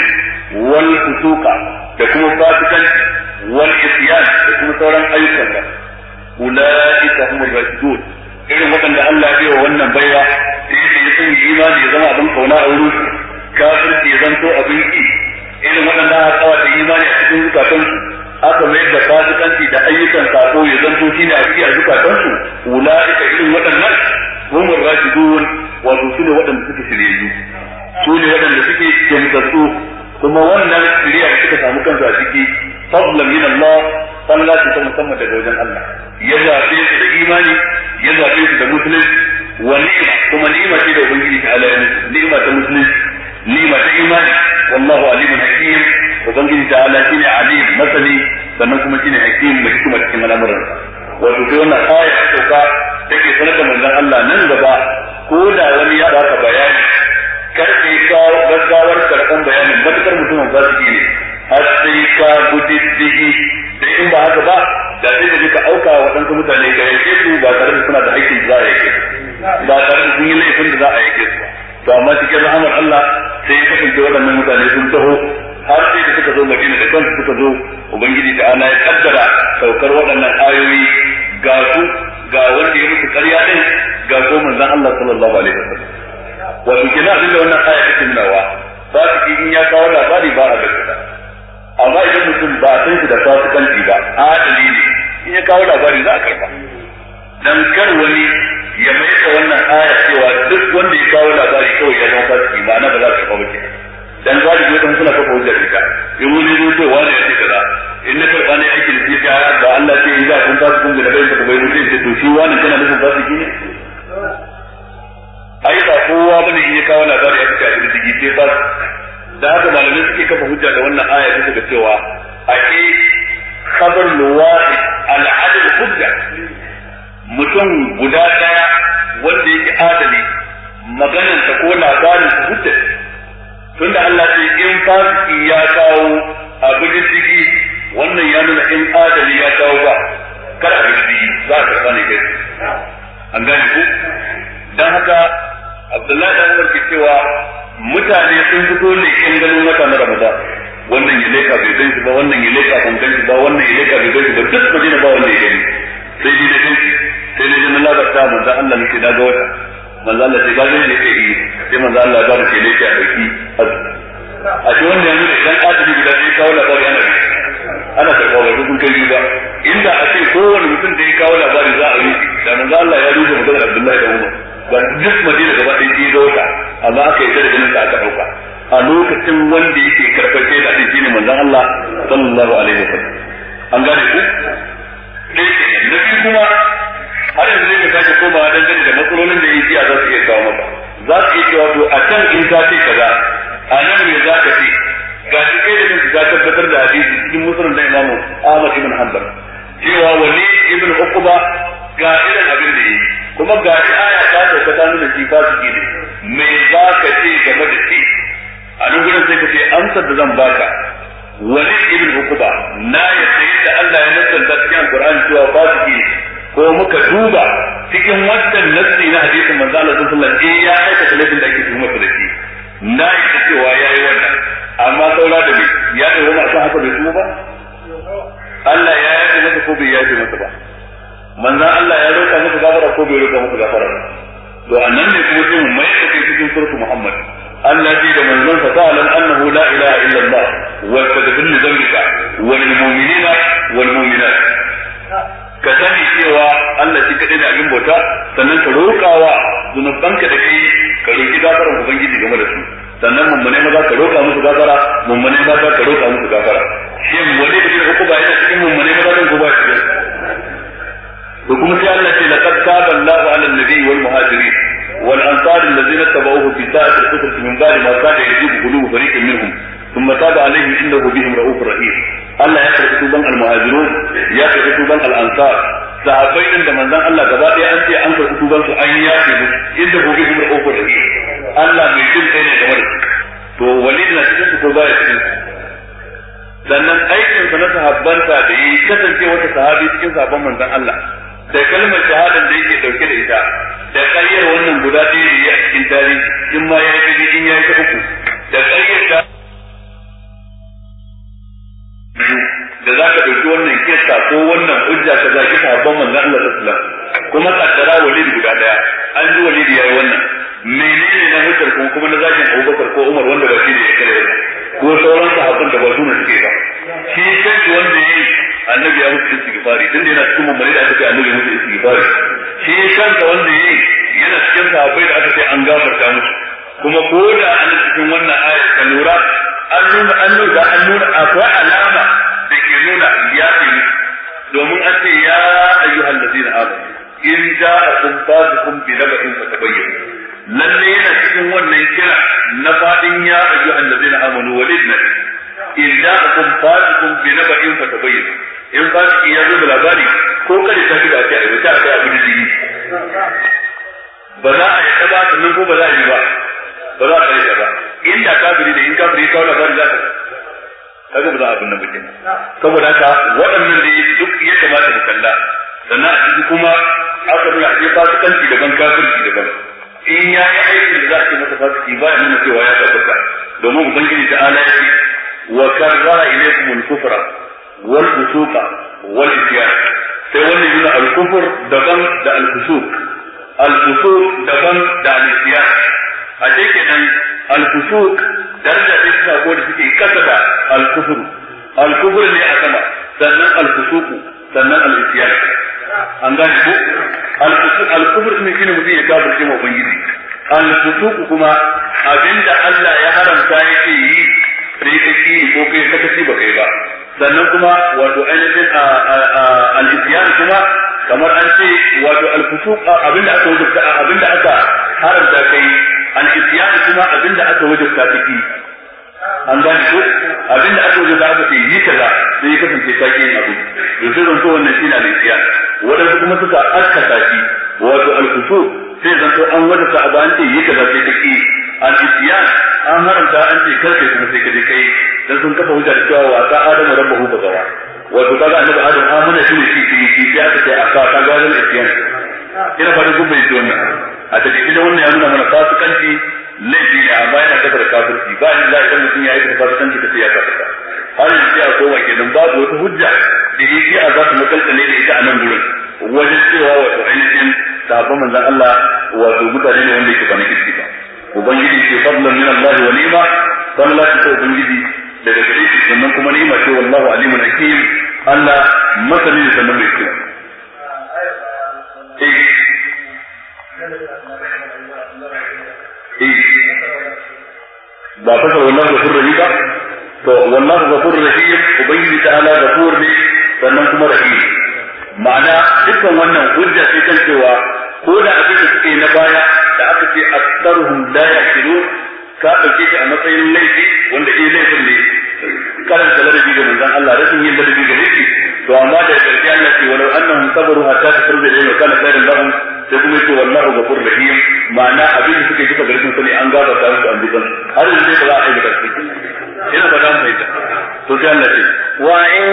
wal تكون da kuma تكون wal isyan da kuma sauran ayyukan da ulaika humul rashidun irin waɗanda Allah ya wa wannan baiwa sai da yasan imani ya zama abin kauna a wurin kafin kafirci ya zanto abin ki irin waɗanda aka kawo da imani a cikin zukatansu aka mai da fasikanci da ayyukan sako ya zanto shine a cikin su ulaika irin waɗannan humul rashidun wato su ne waɗanda suke shiryayyu su ne waɗanda suke kimtsatsu kuma wannan shiriyar suka samu kansu a ciki fadlan min Allah Allah ta musamman daga wajen Allah ya zabe su da imani ya zabe su musulunci wa kuma ni'ima ce da ubangiji ta ala ni'ima ta musulunci ni'ima ta imani wallahu alimun hakim ubangiji ta ala shine alim masani sannan kuma shine hakim mai hikima cikin al'amuransa sanar da manzon Allah nan gaba ko da wani ya baka bayani karfe gaggawar karɓan bayanin matukar mutumin ba su ne har sai ka guji digi da in ba haka ba da sai da duka auka wa mutane ga yake su ba tare da suna da aikin da za a yake ba tare da sun yi laifin da za a yake su to amma cikin rahamar Allah sai ya kasance waɗannan mutane sun taho har sai da suka zo madina da kansu suka zo ubangiji da ana ya kaddara saukar waɗannan ayoyi ga su ga wanda ya musu karya din ga ko manzon Allah sallallahu alaihi wasallam wato na abinda wannan aya take nunawa su in ya kawo labari ba a gaskata amma idan mutum ba san shi da fasikanci ba adali ne in ya kawo labari za a karba dan kar wani ya mai ta wannan aya cewa duk wanda ya kawo labari kawai ya zama fasiki ba na ba za su kawo ba kenan dan galibi dan suna kafa hujjar ita in wani zo ce wani ya ce kaza in na karɓa ne aikin da ya da Allah ce in za kun su kun da bai ka bai mutum ce to shi wani kana nufin fasiki ne ai ba kowa ba in iya kawo labari a cikin abin digi sai ba da haka malamai suke kafa hujja da wannan aya ta daga cewa a ke khabar luwadi al'adul hujja mutum guda daya wanda yake adali ta ko labarin su hujja tunda Allah ce in fasiki ya kawo a gudun digi wannan ya nuna in adali ya kawo ba kar a bi za ka sani kai an gane ku dan haka Abdullahi da Umar ke cewa mutane sun fito ne sun gano mata na ramada wannan ya leka bai gan shi ba wannan ya leka ban gan shi ba wannan ya leka bai gan shi ba duk ba ba wannan ya gani sai dai eh, eh. da shi sai dai na labarta manzo Allah nake da ga wata manzo Allah sai ga ne yake sai manzo Allah ba ke leka a baki a shi wanda yanzu idan adadi guda sai kawo labari ana ana da kawo rubun kai ba inda a ce kowane mutum da ya kawo labari za a yi da manzo Allah ya rubuta maganar Abdullahi da Umar ba duk madina gaba ɗaya ji zo ta amma aka yi ta da ganin ta aka ɗauka a lokacin wanda yake karɓar da ɗin shine manzan Allah sallallahu alaihi wa sallam an gane ku dai na biyu kuma har yanzu ne ka sake komawa gani da matsalolin da yake a za su iya kawo maka za su iya cewa to a can in ka ce kaza a nan ne za ka ce ga shi kai da kanka ka tabbatar da hadisi cikin musulun da imamu Ahmad ibn Hanbal cewa wani ibn Uqba ga irin abin da yake kuma ga aya ta ka ta nuna shi ke ne me za ka ce game da shi a nan sai ka ce amsar da zan baka wani ibn hukuba na ya sayi da Allah ya nasanta cikin alquran cewa fasiki ne ko muka duba cikin wannan nasi na hadisin manzo Allah sallallahu alaihi wasallam eh, ya aikata laifin da ake tuhuma da shi na yi cewa yi wannan amma saura da ni ya dawo a san haka bai tuba ba Allah ya yi masa ko bai yi masa ba manzan Allah ya roƙa muku gafara ko bai roƙa muku gafara ba to annan ne kuma sun mu mai da cikin surtu Muhammad Allah ji da manzon sa ta'alan annahu la ilaha illa Allah wa tadbinu dhanbika wal mu'minina wal mu'minat ka sani cewa Allah shi kadai da abin bauta sannan ka roƙawa zunubanka da kai ka roƙi gafaran ubangiji game da su sannan mummune maza ka roƙa musu gafara mummune maza ka roƙa musu gafara shin wani da ke hukuma yana cikin mummune maza din ko ba shi da kuma sai Allah ce laqad taba Allahu 'ala an-nabi wal muhajirin wal ansar alladhina tabauhu fi sa'ati al-usr min ba'di ma kana yajibu qulubu fariqin minhum thumma taba 'alayhim innahu bihim ra'ufur rahim Allah ya karbi tuban al-muhajirun ya karbi tuban al-ansar sahabbai din da manzon Allah gaba ɗaya an ce an karbi tuban su an yafe musu inda gobe kuma ra'ufur rahim Allah mai jin kai ne game da su to walid na cikin su ko baya cikin su sannan aikin sa na sahabbansa da yi kasance wata sahabi cikin sahabban manzon Allah da kalmar shahadan da yake dauke da ita da ƙaryar wannan guda ɗaya da ya cikin tarihi in ma ya yi in ya yi uku da ƙaryar ta da za ka ɗauki wannan kisa ko wannan hujja ka zaki sahabban manzon Allah sallallahu alaihi kuma kaddara walid guda ɗaya an ji walid yi wannan menene na hujjar kuma kuma na zakin Abubakar ko Umar wanda ba shi ne ya kare ko sauran sahabban da ba su ne suke ba shi kanki wanda ya yi annabi ya musu istighfari tun da yana cikin mummuni da aka ce annabi ya musu istighfari shi kansa wanda yayi yana cikin sahabbai da aka ce an gafarta musu kuma ko da an cikin wannan ayat ka lura an nuna an nuna an nuna akwai alama da ke nuna ya fi domin an ce ya ayyuhan ayyuhal ladina amanu in ja'akum kun bi nabain fatabayyanu lalle yana cikin wannan kira na faɗin ya ayyuhan ayyuhal ladina amanu na. in ja'akum fasiqun bi naba'in bayyana? in fasiki ya zo da labari ko kare ta kida ta aiwata ta abin da yi ba za a yi ba sannan ko ba za a yi ba ba za a kare ba ka kafiri da in kafiri ka labari za ka kaga ba za a abin nan bakin saboda ka waɗannan da duk ya kamata mu kalla sannan a ciki kuma aka nuna a ce fasikanci daban kafirci daban in ya yi aikin da za a ce masa fasiki ba ya nuna cewa ya tabbata domin ubangiji ta ala ya ce وكرر إليكم الكفر والفسوق al-kufur da al-fusuq da al-isyan kuma abinda Allah ya haramta yi sai ka ko kai ka ci ba kai ba sannan kuma wato ainihin al-isyan kuma kamar an ce wato al-fusuq abinda aka wajabta abinda aka haramta kai al-isyan kuma abinda aka wajabta kiki an gane ko abinda aka wajabta aka ce yi kaza sai kasance ka ki abu to sai zanto wannan shi na al-isyan wadanda kuma suka akkata shi wato al-fusuq sai so an wajabta a an ce yi kaza sai kiki al-isyan an haramta an ce karfe kuma sai kaje kai dan sun kafa hujja da cewa wasa adamu rabbahu bagawa wato kaga annabi adam amana shi ne shi shi shi aka ce aka ka ga wannan isyan ina fara gumma yi wannan a take da wannan ya nuna mana fasikanci laifi ne amma yana kafa da kafirci ba ni za a mutum ya yi da fasikanci ta ya kafirta har yanzu ya koma kenan babu wata hujja da shi a za su makalkale da ita a nan gurin wajen cewa wato ainihin sabon manzon Allah wato mutane ne wanda yake ba na ba ubangiji ke fadlan min Allah wa ni'ma fadlan ta ubangiji daga gare shi sannan kuma ni'ma ce wallahu alimun hakim Allah masani da sannan mai kira ba ta sau wannan gafur rahim ba to wannan gafur rahim ubangiji ta ala gafur ne sannan kuma rahim ma'ana dukkan wannan hujja sai kan cewa ko da abin da suke na baya da aka ce aktaruhum la ya ka dauke shi a matsayin laifi wanda eh laifin ne karanta ladabi ga manzon Allah rashin yin ladabi ga laifi وأمات الجنة ولو أنهم صبروا هكذا تربي العلم وكان خيرا لهم تقول لك والله غفور رحيم معنى أبي في كيف تبرك من سني أنجاز وكان في أنبياء هذا الشيء لا أحد يكفيه إلا وإن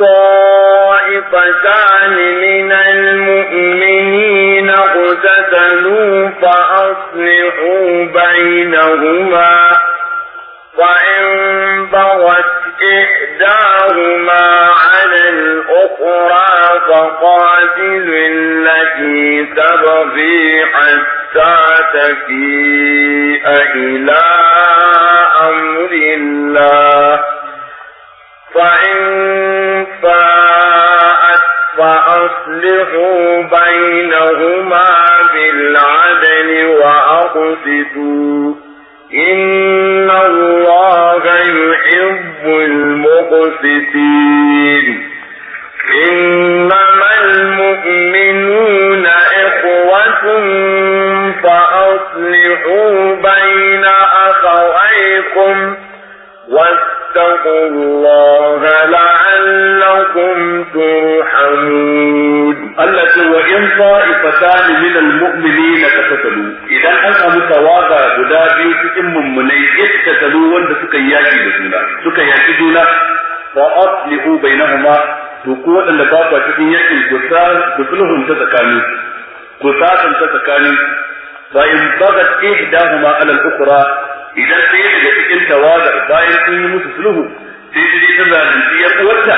طائفتان من المؤمنين اقتتلوا فأصلحوا بينهما وإن بغت إحداهما على الأخرى فقاتل التي تبغي حتى تفيء إلى أمر الله فإن فاءت فأصلحوا بينهما بالعدل وأقسطوا إن الله يحب إنما المؤمنون إخوة فأصلحوا بين أخويكم واتقوا الله لعلكم ترحمون الله سوى إن من المؤمنين تقتلوا إذا أنهم تواضع غدا بيوتكم من مني اقتتلوا waɗanda suka yi yaƙi da juna suka yaƙi juna fa aslihu bainahuma to ko waɗanda ba ku cikin yaƙi ku sa ku sulhun ta tsakani ku sasan ta tsakani fa in bagat ihdahuma ala al-ukhra idan sai daga cikin tawadar bayan sun yi musu sulhu sai sai ta zalunci ya uwarta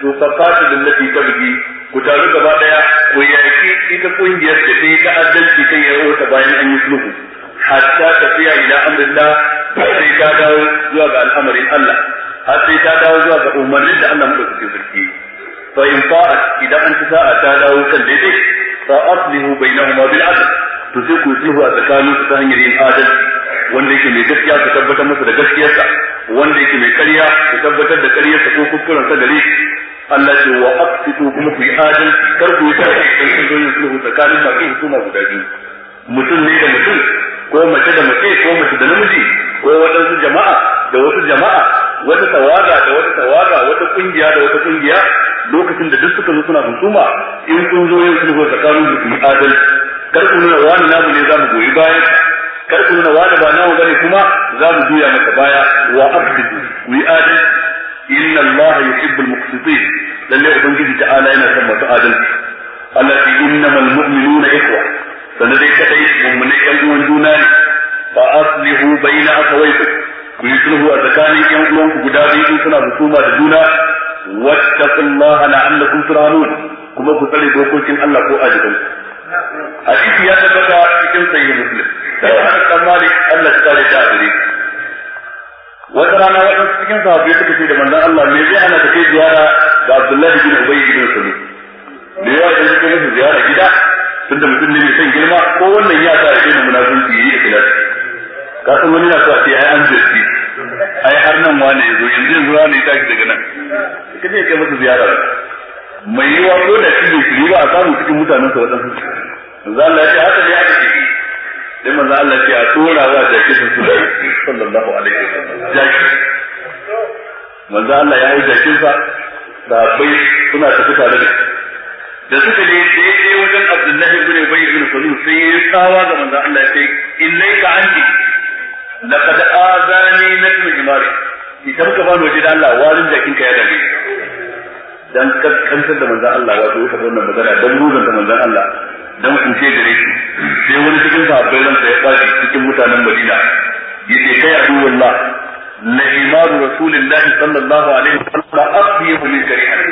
to fa qatilul lati tabghi ku taru gaba daya ku yaƙi ita kungiyar da ta yi ta'addanci kan yarwarta bayan an yi sulhu hatta tafiya ila amrillah sai ta dawo zuwa ga al'amarin Allah har sai ta dawo zuwa ga umarnin da Allah madaukakin sarki fa in fa'at idan an ta sa'a ta dawo kan daidai fa aslihu bainahuma bil adl to sai ku sulhu a tsakanin su ta hanyar yin adal wanda yake mai gaskiya ka tabbatar masa da gaskiyarsa wanda yake mai ƙarya ka tabbatar da ƙaryarsa ko kuskuren sa gare Allah ce wa aqsitu kuma ku yi adal kar ku yi tare da sulhu tsakanin masu hukuma guda biyu mutum ne da mutum ko mace da mace ko mace da namiji ko waɗansu jama'a da wasu jama'a wata tawaga da wata tawaga wata kungiya da wata kungiya lokacin da duk suka zo suna husuma in kun zo yin zo tsakanin ku yi adalci kar ku nuna wani namu ne za mu goyi bayan kar ku nuna wani ba namu bane kuma za mu juya maka baya wa aqsidu ku yi adalci inna allaha yuhibbu almuqsitin lalle ubangiji ta'ala yana son masu adalci Allah innamal mu'minuna ikhwa sannan dai kadai mummunai yan uwan juna ne fa aslihu bayna akawaykum ku yi sulhu a tsakanin yan ku guda biyu suna husuma da juna wattaqullaha la'allakum turhamun kuma ku tsare dokokin Allah ko A cikin ya tabbata cikin sahih muslim da hadisan malik Allah ta da dare wata rana waɗansu cikin sahabbai suka ce da manzon Allah me zai ana tafi ziyara ga Abdullahi bin Ubay bin Salul da yawa idan suka musu ziyara gida tunda mutum ne mai son girma ko wannan ya sa ake munafunci yayi ikhlas ka san wani na sa sai ai an jirki ai har nan wane yazo yanzu yanzu wane ta tashi daga nan kaje kai masa ziyara mai yiwa ko da shi ne shi ba a samu cikin mutanen sa wadansu manzo Allah ya ce haka ne aka ce dai manzo Allah ya ce a tsora wa jaki sun su sallallahu alaihi wasallam jaki manzo Allah ya yi jakin sa da bai suna tafi tare da shi da suka je daidai wajen Abdullahi ibn Ubay ibn Salul sai ya tsawa ga manzon Allah ya ce innaka anti laqad azani nakmu jimari idan ka bani waje da Allah warin jakin ka ya dame dan kankantar da manzon Allah wato ka wannan magana dan nuna da manzon Allah dan in ce gare shi sai wani cikin sahabbai ran sa ya kwashi cikin mutanen Madina yace kai aduwallah لإمار رسول الله صلى الله عليه وسلم أطيب من شريعة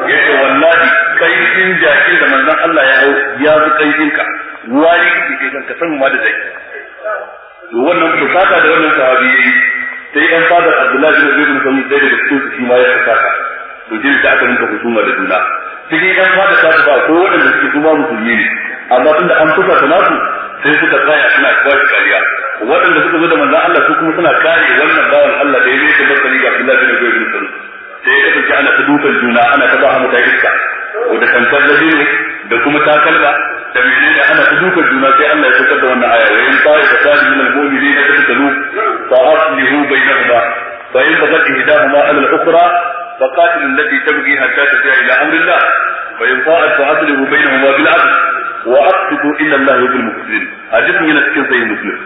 yace wallahi kaifin jakin da manzon Allah ya hau ya fi kaifin ka wani kike kan ka san ma zai to wannan fusata da wannan sahabi yayi sai ɗan fadar Abdullahi bin Zubair bin Sami sai da su shi ma ya fusata to jin da aka rinka husuma da juna cikin ɗan fadar ta ba ko wanda suke kuma musulmi ne amma tunda an fusata nasu su suka tsaya suna kwashi kariya waɗanda suka zo da manzon Allah su kuma suna kare wannan bawan Allah da ya yi ta bakari ga Abdullah bin Ubay bin Salul sai ya kasance ana ta dukan juna ana ta ba mu ta iska da tantar da dinu da kuma takalma da menene ana ta dukan juna sai Allah ya fitar da wannan aya wa in ta'i fasadu min al-mu'minin da suka lu fa aslihu bainahuma fa in bagat ihdahuma ala al-ukhra فقاتل التي تبغي حتى تفيها الى امر الله وان طاعت فاصله بينهما بالعدل wa aqsidu inna Allah yuhibbul muqsitin hadisin yana cikin sahih muslim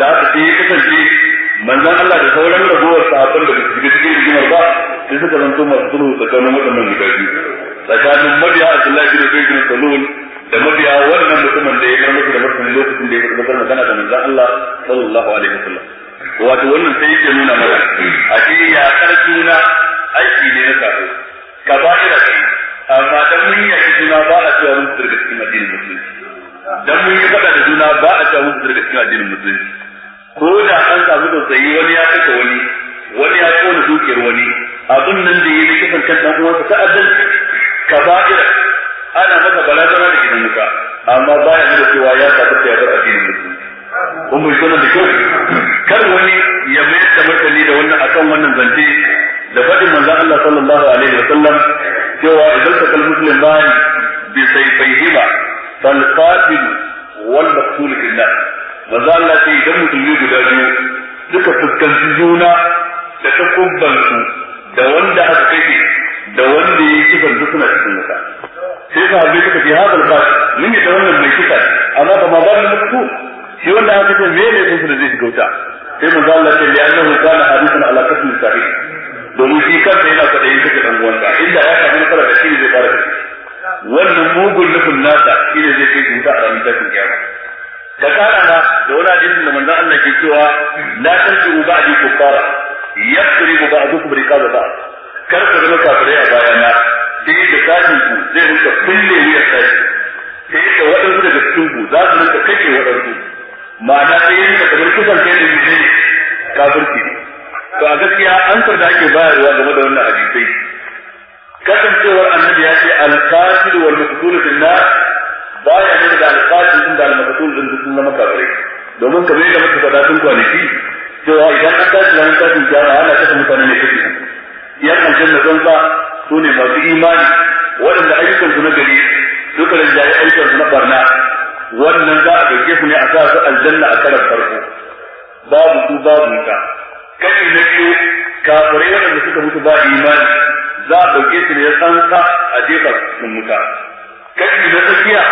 da haka sai ya kasance manzon Allah da sauran ragowar sahabban da suke cikin rigimar ba sai suka zanto masu sulhu tsakanin waɗannan guda biyu tsakanin mabiya Abdullahi bin Ubay bin Salul da mabiya wannan mutumin da ya kar musu da mutumin lokacin da ya karɓi bakar magana da manzon Allah sallallahu alaihi wasallam wato wannan sai nuna mana a cikin aiki ne na kaba'ira kai amma dan mun yi juna ba a cewa mun daga cikin addinin musulunci dan mun yi faɗa da juna ba a cewa mun daga cikin addinin musulunci ko da an samu sai wani ya kashe wani wani ya kona dukiyar wani abin nan da ya yi kan dan uwansa ta'addan kaba'ira ana masa barazana da gidan wuta amma baya nuna cewa ya tabbata ya bar addinin musulunci kun mun sunan da kyau kar wani ya mai da martani da wannan akan wannan zance da fadin manzo Allah sallallahu alaihi wa sallam cewa idan ka kalmu musliman bi sayfayhima fal qatil wal maqtul fil nar Allah sai idan mutum guda biyu duka fuskanci juna da takubban su da wanda aka kashe da wanda ya kifar duk suna cikin wuta sai sahabbai suka ce hadal qatil mun yi da wannan mai kifar amma ba ma ba mu mutu shi wanda aka ce me ne sun da zai shiga wuta sai mu zalla ce na hadisi na ala da sahih domin shi kansa yana yin kake dan uwansa inda ya samu nasara da shi ne zai fara kashe wannan mugun nufin nasa shi ne zai kai wuta a ranar tashin kiyama da kara na da wani hadisin da manzo Allah ke cewa la tanzu ba'di kuffara yaqribu ba'dukum riqaba ba kar ka zama kafirai a bayana sai da tashin ku zai rinka kulle a tashi sai da waɗansu daga cikin ku za su rinka kake waɗansu ma'ana sai ya rika kamar kusan kai da ne kafirci ne to a gaskiya ansar da ake bayarwa game da wannan hadisai kasancewar annabi ya ce al-qatil wal maqtul bin nar baya ne da al-qatil din da al-maqtul din sun zama kafirai domin kamar yadda muka faɗa tun kwanaki cewa idan an tashi ranar tashin kiyama ana kasa mutane ne kake yan aljanna sun sa su ne masu imani waɗanda ayyukansu na gari duka da jari ayyukansu na barna wannan za a dauke su ne a sa su aljanna a karan farko babu su babu ka kashi na biyu kafirai waɗanda suka mutu ba imani za a dauke su ne tsanka a jefa cikin wuta kashi na tsakiya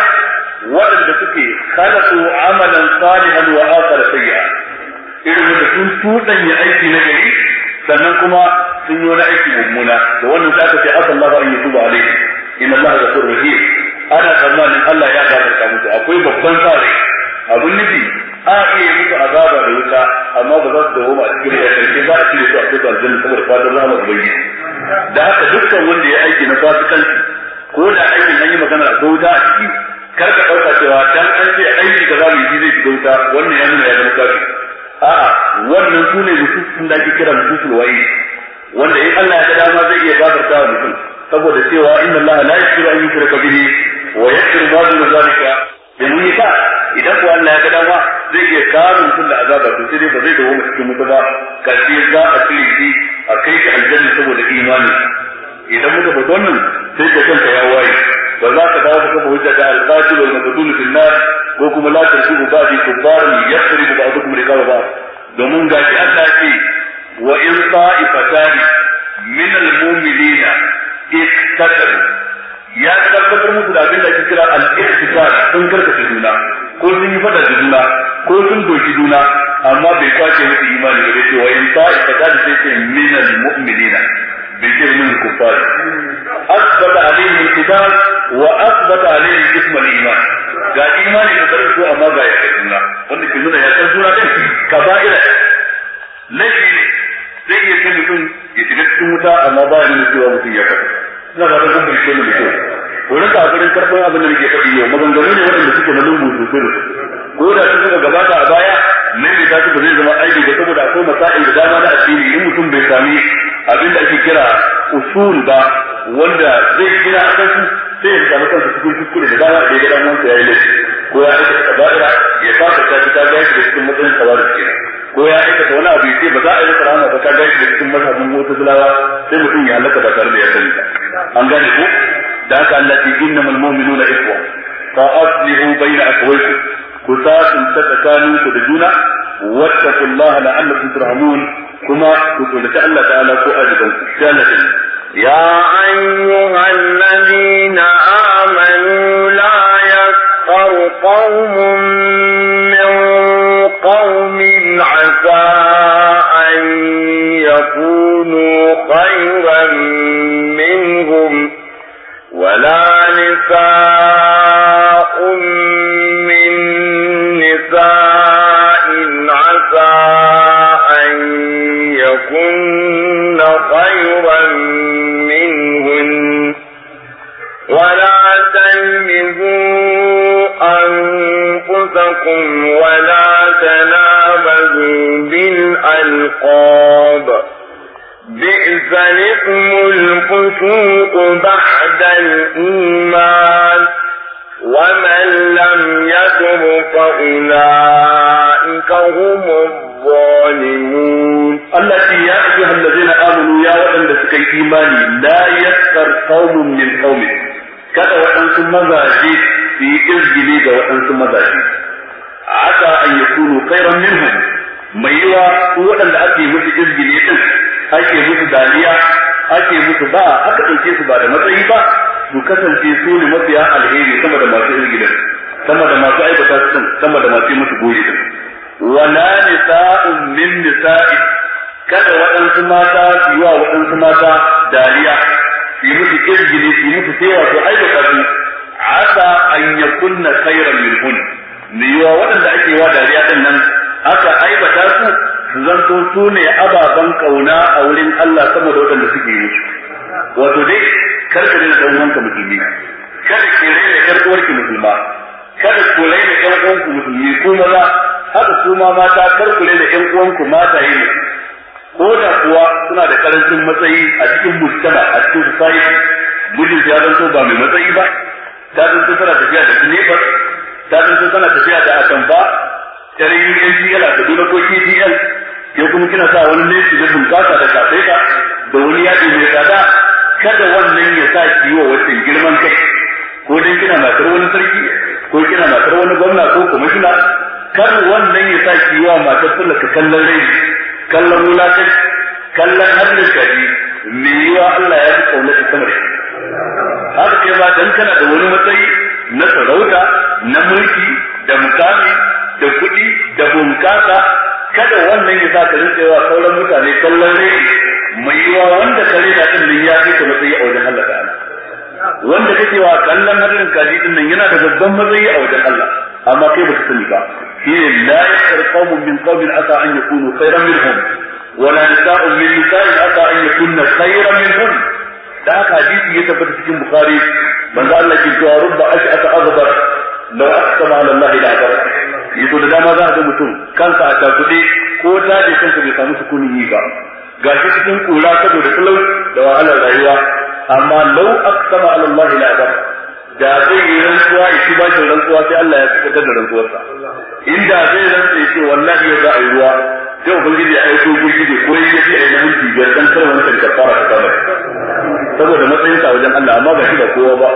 waɗanda suke khalaqu amalan salihan wa akhar sayyi'a irin wanda sun tudanya aiki na gari sannan kuma sun yi wani aiki mummuna da wannan da aka ce asallahu an yutuba alaihi inna allaha ghafurur rahim ana tsammanin Allah ya gafarta musu akwai babban tsari abin nufi a iya musu azaba da wuta amma ba za su dawo ba a cikin da karshe ba a cire su a cikin aljanna saboda fadar da ubangiji da haka dukkan wanda ya aiki na fasikanci ko da aikin an yi magana da wuta a ciki kar ka ɗauka cewa dan an ce aiki ka zamu yi zai shiga wuta wannan ya nuna ya zama kafi a'a wannan su ne mutum da ake kira mutum wayi wanda in Allah ya ga dama zai iya gafarta wa mutum saboda cewa inna Allah la yaghfiru an yushraka bihi wa yakfir ma dun zalika bil mita idan ko Allah ya ga dama zai iya kamun kullu azaba to sai ba zai dawo mu cikin mutu ba kashi za a tsire shi a kai shi aljanna saboda imani idan muka fito wannan sai ka kanka ya waye ba za ka dawo ka kafa hujja da al-qatil wal madlul fil nar ko kuma la tarkubu ba'di kubbarin yaqribu ba'dukum riqaba ba'd domin ga shi Allah ce wa in ta'ifatan min al-mu'minina istaqalu ya tabbatar musu da abin da ake kira al-ihtikar sun karkace juna ko sun yi fada da juna ko sun doki juna amma bai kwace musu imani ba dai wa in ta'ika ta da sai min al-mu'minina bai ce min kuffar asbata alaihi al-kitab wa asbata alaihi ism al-iman ga imani da sai su amma ga ya juna wanda ke nuna ya san juna din ila laifi zai iya sani mutum ya shiga cikin wuta amma ba ya nuna cewa mutum ya kasa ina ba ta gumbin ce mu da kyau ko rinka kokarin karɓar abin da nake faɗi yau maganganu ne waɗanda suke na lungu sosai da ko da sun suka gabata a baya nan ne ta ba zai zama aiki ba saboda akwai masa'il da dama na addini in mutum bai sami abin da ake kira usul ba wanda zai gina a kansu sai ya samu kansa cikin kuskure da dama da ya ga damuwansa ya yi laifi ko ya aika kaba'ira ya fasa ta ta ga shi da cikin matsayin tawari kenan ko ya aikata wani abu sai ba za a yi ka gan shi da cikin mazhabin mu'tazilawa sai mutum ya halaka ba tare da ya sani ba an gane ko da haka Allah ce innamal mu'minuna ikhwa fa aslihu bayna akhawaykum ku sasun ta tsakanin ku da juna wattaqullaha la'allakum turhamun kuma ku tsoraci Allah ta'ala ko ajiban ku sai Allah ya ayyuhal ladina amanu la yasqar qaumun min qaumin 'asa أن يكونوا خيرا منهم ولا نساء من نساء عسى أن يكون خيرا منهن ولا تلمزوا أنفسكم ولا يتنابذوا بالألقاب بئس الإثم الفسوق بعد الإيمان ومن لم يتب فأولئك هم الظالمون التي يا أيها الذين آمنوا يا وأن لسكي إيماني لا يكثر قوم من قومه كذا وأنتم جئت في إذ جليد وأنتم جئت asa an yakunu khairan minhum mai yiwa su waɗanda ake musu izgili din ake musu dariya ake musu ba aka ɗauke su ba da matsayi ba su kasance su ne mafiya alheri sama da masu izgilin sama da masu aikata su sama da masu musu goyi din wala nisa'un min nisa'i kada waɗansu mata su yi wa waɗansu mata dariya su yi musu izgili su yi musu tewa su aikata su asa an yakunna khairan minhun da yiwa waɗanda ake wa dariya din nan aka aibata su su zanto su ne ababen kauna a wurin Allah sama da waɗanda suke yi musu wato dai kar ka rena dan uwanka musulmi kada ki rena yar uwarki musulma kada ku rena yan uwanku musulmi ku maza haka su ma mata kar ku da yan uwanku mata yi ko da kuwa suna da karancin matsayi a cikin mujtama a cikin society mijinta ya zanto ba mai matsayi ba ta zanto tana tafiya da su ne ba ta san kana tafiya da akan ba tare yin NGL a Kaduna ko KDL ke kuma kina sa wani leshi da bunkasa da kafai ka da wani yaƙi mai tsada kada wannan ya sa ki wa wata girman kai ko dan kina matar wani sarki ko kina matar wani gwamna ko kwamishina kar wannan ya sa ki wa matar ka kallon rai kallon wulakai kallon hannun kaji me yiwa Allah ya fi kaunar shi haka kai ba dan kana da wani matsayi na sarauta na mulki da mukami da kuɗi da bunƙasa kada wannan ya sa ka rinka wa sauran mutane kallon rai mai yiwa wanda kare da ɗin nan ya fi ka matsayi a wajen Allah ta'ala wanda kake wa kallon hadarin kaji ɗin nan yana da babban matsayi a wajen Allah amma kai baka sani ba shi ne la yakar qaumun min qaumin asa an yakunu khayran minhum wala nisa'un min nisa'in asa an yakunna khayran minhum da aka hadisi ya tabbata cikin bukhari manzo Allah ke cewa rubba aka azbar la aqsama ala Allah la abar yato da dama za a ga mutum kansa a takude ko ta da kansa bai samu sukunin yi ba gashi cikin kula saboda talau da wahalar rayuwa amma law aqsama ala Allah la abar da zai yi rantsuwa ya shi bashin rantsuwa sai Allah ya kubutar da rantsuwarsa inda zai rantsa ce wallahi ya za a yi ruwa sai ubangiji ya aiko girgije ko ya yi a yi na minti biyar dan kar wancan ta fara ta samar saboda matsayinsa wajen Allah amma ga shi ba kowa ba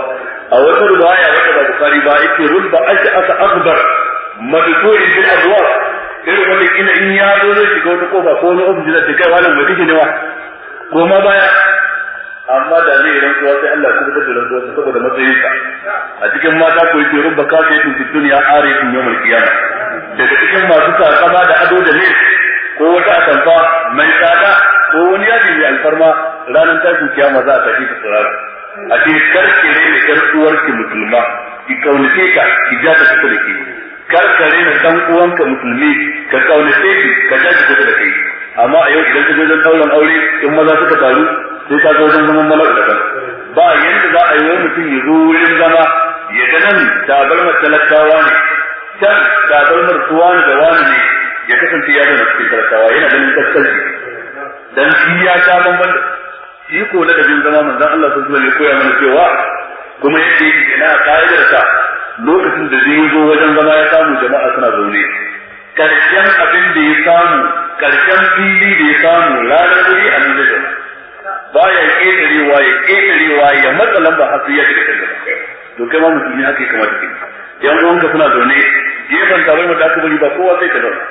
a wata riwaya wata ba bukari ba yake rubba ashi asa akbar madkurin bil abwab irin wanda ina in ya zo zai shiga wata kofa ko wani ofis da kai wani mai kike ne wa ko ma baya amma da zai rantsuwa sai Allah ya fitar da rantsuwa saboda matsayin sa a cikin mata ko yake rubba ka sai tun duniya are tun yawmal qiyama daga cikin masu takama da ado da ne ko wata atamfa mai tsada ko wani yaji mai alfarma ranar tashin kiyama za a tafi ta tsirara a ce karke ne mai karsuwar ki musulma ki kaunace ka ki ja ta kusa da ke karkare na dan uwanka musulmi ka kaunace shi ka ja ta kusa da kai amma a yau idan ka je wajen ɗaurin aure in maza suka taru sai ka zo wajen zaman mala'u da ba yanda za a yi wani mutum ya zo wurin zama ya ga nan tabarmar talakawa ne can tabarmar tuwa ne da wani ne ya kasance ya zama cikin talakawa yana ganin ne dan shi ya sha da shi ko na dabin zama manzon Allah sun alaihi ya koya mana cewa kuma yake na kaidar lokacin da zai zo wajen zama ya samu jama'a suna zaune karshen abin da ya samu karshen fili da ya samu ranar wuri a nan da ba ya ƙetarewa ya ƙetarewa ya matsa lamba har ya shiga kan gaba to kai ma musulmi haka yi kamata kai yan ka suna zaune gefen taron da aka bari ba kowa sai ka zauna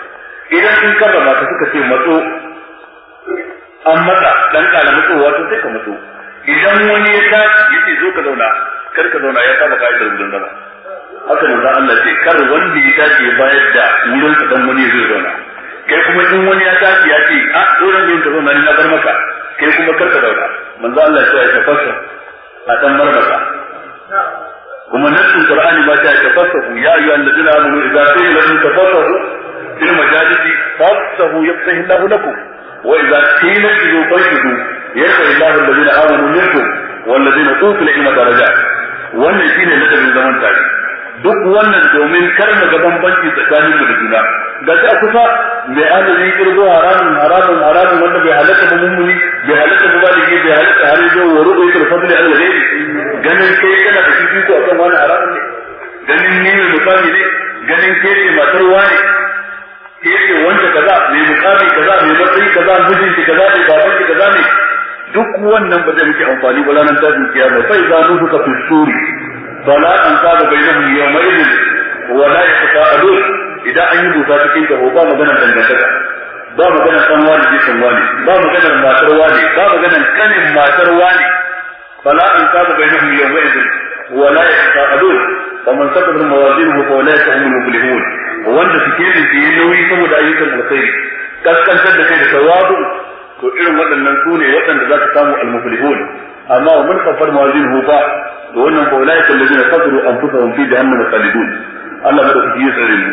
idan sun karrama ka suka ce matso an matsa dan kala matsowa to sai ka matso idan wani ya tashi yace zo ka zauna kar ka zauna ya saba ka'idar gudun zama haka manzo Allah ce kar wanda ya tashi ya bayar da wurin ka dan wani zai zauna kai kuma in wani ya tashi ya ce a wurin da ka zauna ni na bar maka kai kuma kar ka dauka manzo Allah ya tafasa a dan bar maka kuma nassin Qur'ani ba ta tafassahu ya ayyuhal ladina amanu idza qila lakum tafassahu fil majalisi fafsahu yafsahu Allahu lakum wa idza qila idu fashidu yarfa Allahu alladina amanu minkum والذين utul ilma darajat wannan shine ladabin zaman tare duk wannan domin kar mu ga bambanci tsakanin mu da juna ga ta kusa mai azumi kirgo haramun haramun haramun wanda bai halatta ba mummuni bai halatta ba ke bai halatta har yau wa rubu yake fadli al wadi ganin kai kana da cikin ko akan wani haramun ne ganin ne ne mutane ne ganin kai ne matar wani kai ne wanda kaza mai mukami kaza mai matsayi kaza ki kaza ne ki kaza ne duk wannan ba zai miki amfani ba ranar tashin kiyama sai za ka fi suri fala an saba bainahum yawmaidin wa la yatasalun idan an yi duka cikin ta ba maganar dangantaka ba maganar san wani jikin wani ba maganar matar wani ba maganar kanin matar wani fala an saba bainahum yawmaidin wa la yatasalun faman sakata mawazinuhu fa ulaika humul muflihun wanda suke ne ke nauyi saboda ayyukan alkhairi kaskantar da kai da to irin waɗannan su ne waɗanda za su samu al amma wa man kafar mawazinuhu ba da wannan fa ulaiikal ladina kafaru anfusahum fi jahannama khalidun Allah da kuke yi tsare mu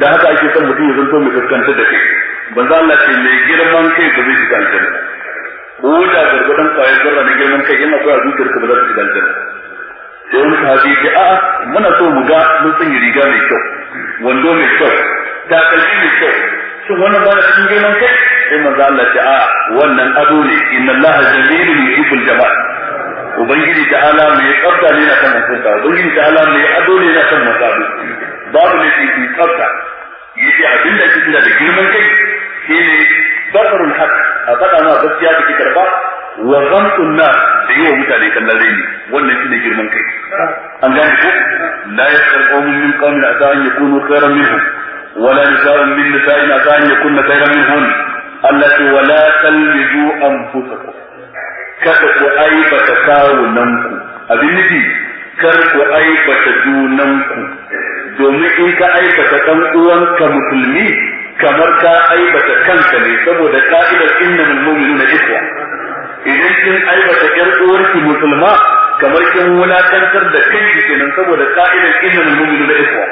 da haka ake son mutum ya zanto mai kaskanta da kai banza Allah ce mai girman kai ba zai shiga aljanna ko da gargadan kwayar zarra na girman kai yana akwai a zuciyarka ba za ta shiga aljanna sai wani sahabi ce a'a muna so mu ga mun sanya riga mai kyau wando mai kyau takalmi mai kyau shin wannan ba cikin girman kai sai manzo Allah ce a ah, wannan ado ne inna Allah jamilun yuhibbul jamal ubangiji ta'ala mai tsafta ne na kan mutunta ubangiji ta'ala mai ado ne na kan mutunta babu ne shi tsafta yace abin da kike da girman kai shine basarul haq a faɗa ma gaskiya da kike karba wa ghamtun nas da yi wa mutane kallon raini wannan shine girman kai an gane ko la yasal qawmun min qawmin asa an yakunu khairan minhum ولا نساء من نساء عسى ان يكن خيرا منهن Allah ce wala talbizu anfusakum kada ku aibata kawunanku abin nufi kar ku aibata junanku domin in ka aibata dan uwanka musulmi kamar ka aibata kanka ne saboda ka'idar idan kin aibata yar uwarki musulma kamar kin wulakantar da kanki kenan saboda ka'idar innamal mu'minuna ikhwa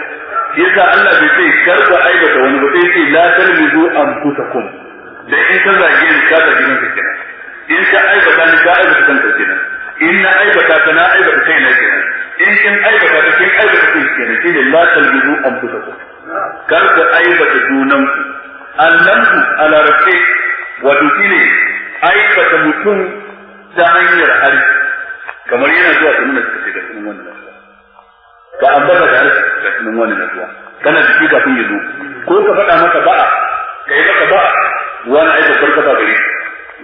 yasa Allah bai ce kar ku aibata wani ba sai ce la talmizu anfusakum da in ka zage ni ka zage kake kenan in ka aibata ni ka aibata kanka kenan in na aibata ka na aibata kai na kenan in kin aibata ka kin aibata kai kenan shi ne la talbizu anfusakum kar ku aibata junanku annanku a larabce wato shi ne aibata mutum ta hanyar harshe kamar yana zuwa ta da suka da ga sunan wannan nasuwa ka ambata da harshe da sunan wannan nasuwa kana da shi kafin ya zo ko ka faɗa maka ba'a ka yi maka ba'a wani ai babbar kafa gari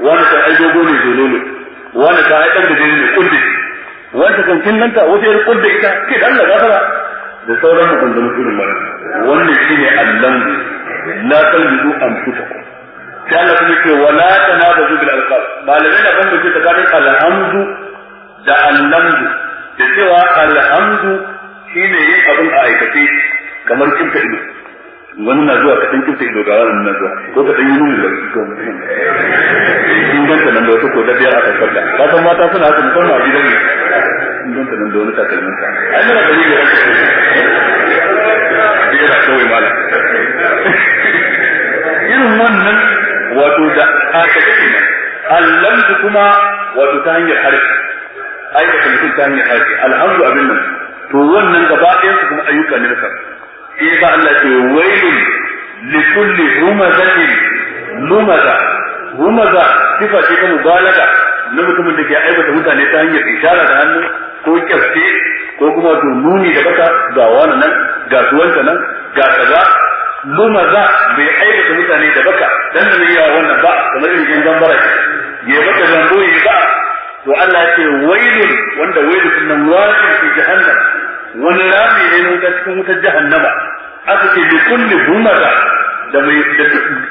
wani kan ai dogo ne zolo ne wani kan ai ɗan gajeri ne kundi wani kan kin wata yar kundi ita ke da Allah gafara da sauran maganganun irin wannan wannan shine allan la talbidu anfusakum sai Allah kuma ce wala ta tanabazu bil alqab malamai na ban bace tsakanin alhamdu da allamdu da cewa alhamdu shine yin abin a aikace kamar kinta ido wani na zuwa kaɗan kinta ido ga wani na zuwa ko kaɗan yi nuni da ko in ganta nan da wata ko dabiya a kan sallah ka san mata suna haka musamman a gidan in ganta nan da wani takalmin ka ai mana dalili da ranka ko yana kawai mala irin wannan wato da aka kuma allamtu kuma wato ta hanyar harfi aikata mutum ta hanyar harfi alhamdu abin nan to wannan gaba ɗayan su kuma ayyuka ne na sarrafa shi yasa Allah ce wailun li kulli humazatin numaza humaza sifa ce ta mubalaga na mutumin da ke aibata mutane ta hanyar isharar da hannu ko kyaske ko kuma to nuni da baka ga wani nan ga suwanta nan ga kaza numaza bai aibata mutane da baka dan da yawa wannan ba kamar irin gambara ya baka zango ya ba to Allah ya ce wailun wanda wailun nan wajin fi jahannam wani rami ne na wuta cikin wutar jahannama aka ce bi kulli humaza da mai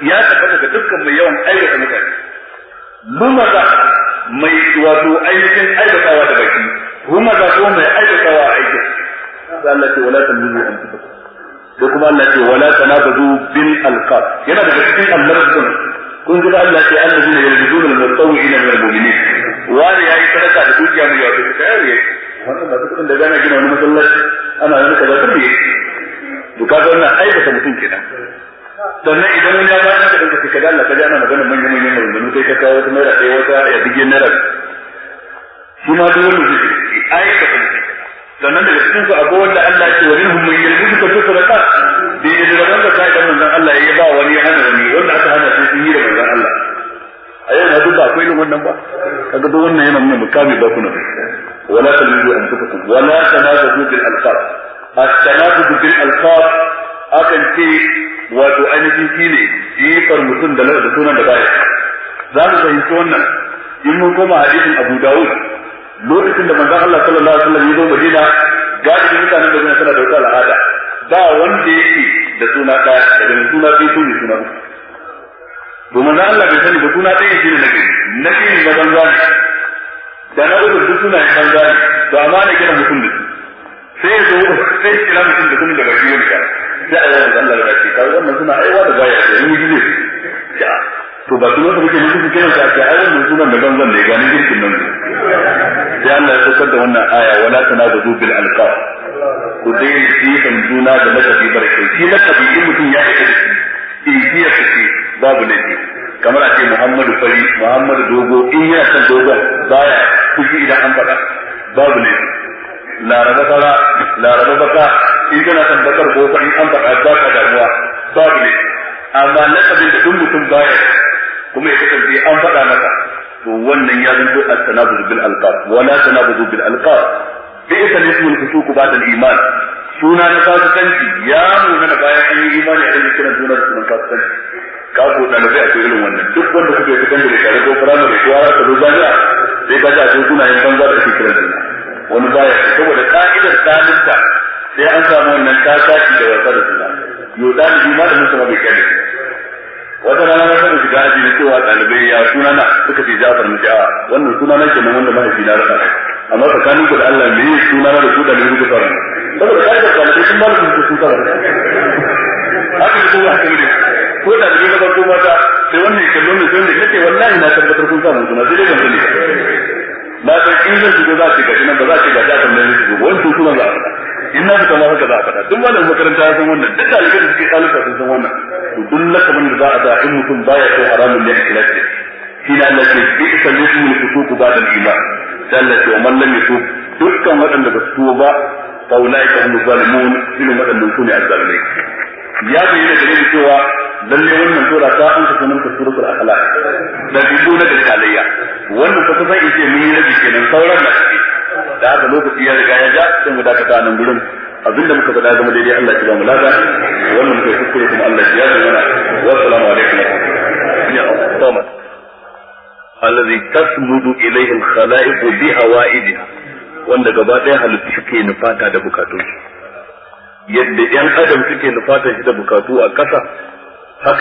ya tabbata ga dukkan mai yawan aikata mutane lumaza mai wato ainihin aikatawa da baki humaza ko mai aikatawa a aikin Allah ce wala tamyizu an tabbata da kuma Allah ce wala tanabazu bil alqab yana daga cikin almarzun kun ji Allah ce allazina yalbizuna al-mutawwi'ina min al-mu'minin wani yayi sadaka da dukiya mai yawa da kai wannan masu kuɗin da gana gina wani masallaci ana wani kaza ta biye wannan aikata mutum kenan sannan idan wani ya ba ka ɗan ka kaga Allah kaga ana magana manyan manyan maganganu kai ka kawo wata naira ɗaya wata ya bige naira shi ma duk wani zuci aikata mutum sannan daga cikin su akwai wanda Allah ya ce wa minhum man yalbisu ka tusadaka da ya da rabon zakka idan manzon Allah ya ba wani ya hana wani wanda aka hana su sun yi da manzon Allah a yau na duka akwai irin wannan ba kaga duk wannan yana nuna mukami ba kuna ولا تلمزوا أنفسكم ولا تنابزوا بالألقاب التنابز بالألقاب أكن في wato ainihin shi ne jifar mutum da sunan da baya za mu fahimci wannan in mun koma hadisin Abu Dawud lokacin da manzon Allah sallallahu alaihi wasallam ya zo Madina galibin mutanen da suna da wata al'ada ba wanda yake da suna ɗaya daga suna biyu suna uku domin na Allah bai sani ba suna ɗaya shi ne na gari na shi ne na banza da na uku duk suna yin banza ne to amma ana kiran mutum da su sai ya zo sai kira mutum da kuma da baki wani ka sai a zama Allah da baki kawai wannan suna aiwa da baya da yi ne to ba kuma kuma mutum su kiran ka ai wannan sunan da banzan da ya gani girkin nan sai Allah ya saukar da wannan aya wala da bil alqab ku dai jifan juna da lakabi barkai shi lakabi in mutum ya aika da shi in jiya su babu laifi kamar a ce Muhammadu fari Muhammadu dogo in yana son dogon baya kushi idan an faɗa babu ne laraba fara laraba baka in kana son bakar ko in an faɗa ba ka damuwa babu ne amma nasabin da duk mutum baya kuma ya kasance an faɗa maka to wannan ya zanto at-tanabuz bil alqab wala tanabuz bil alqab bi isa ismul fusuq ba'da al-iman suna na fasikanci ya nuna da bayan an yi imani a cikin sunan sunan fasikanci ka ko dalibai a irin wannan duk wanda kuke fitan da kare ko firamare ko har ka duba ya sai ka ga sun kuna yin banza da cikin rajin wani baya saboda ka'idar dalilta sai an samu wannan ta saki da wasa da juna yo dalibi ma da mutum bai kai wata rana na sanin shiga aji na cewa dalibai ya suna na suka ce Ja'far na ah, ja'a wannan suna na kenan wanda mahaifi na rasa amma tsakanin ku da Allah me suna na da ku da ne ku fara saboda kai da sun ba da su sun fara haka da kuma haka mijin ko da da ga ko mata sai wannan kallo ne don da kake wallahi na tabbatar kun samu suna sai dai ban sani na in zan shigo za a ce gashi nan ba za a ce gashi a tambayar ni shigo wani tukuna za in na fita haka za a faɗa duk malamin makaranta ya wannan duk ɗalibai da suke ɗalibta sun san wannan to duk lakamin da za a sa in mutum baya so haramun ne a kilafi shi na Allah ke bisa lismul kusuku ba da iman sai Allah ke wa mallam yusuf dukkan waɗanda ba su ba فأولئك هم الظالمون إنهم أدنوا سوني ya bayyana gare mu cewa lalle wannan dora ta an ta sunan suratul akhlaq da dubu na da halayya wannan ta kusa in ce mun yi rabi kenan sauran na ciki da haka lokaci ya riga ya ja sai mu dakata nan gurin abinda muka faɗa zama daidai Allah ya ba mu lada wannan muka kuskure kuma Allah ya yi mana wa assalamu alaikum ya Allah alladhi tasmudu ilayhi al-khalaiq bi hawaidiha wanda gaba daya halittu suke nufata da bukatunsu yadda yan adam suke nufatar shi da bukatu a ƙasa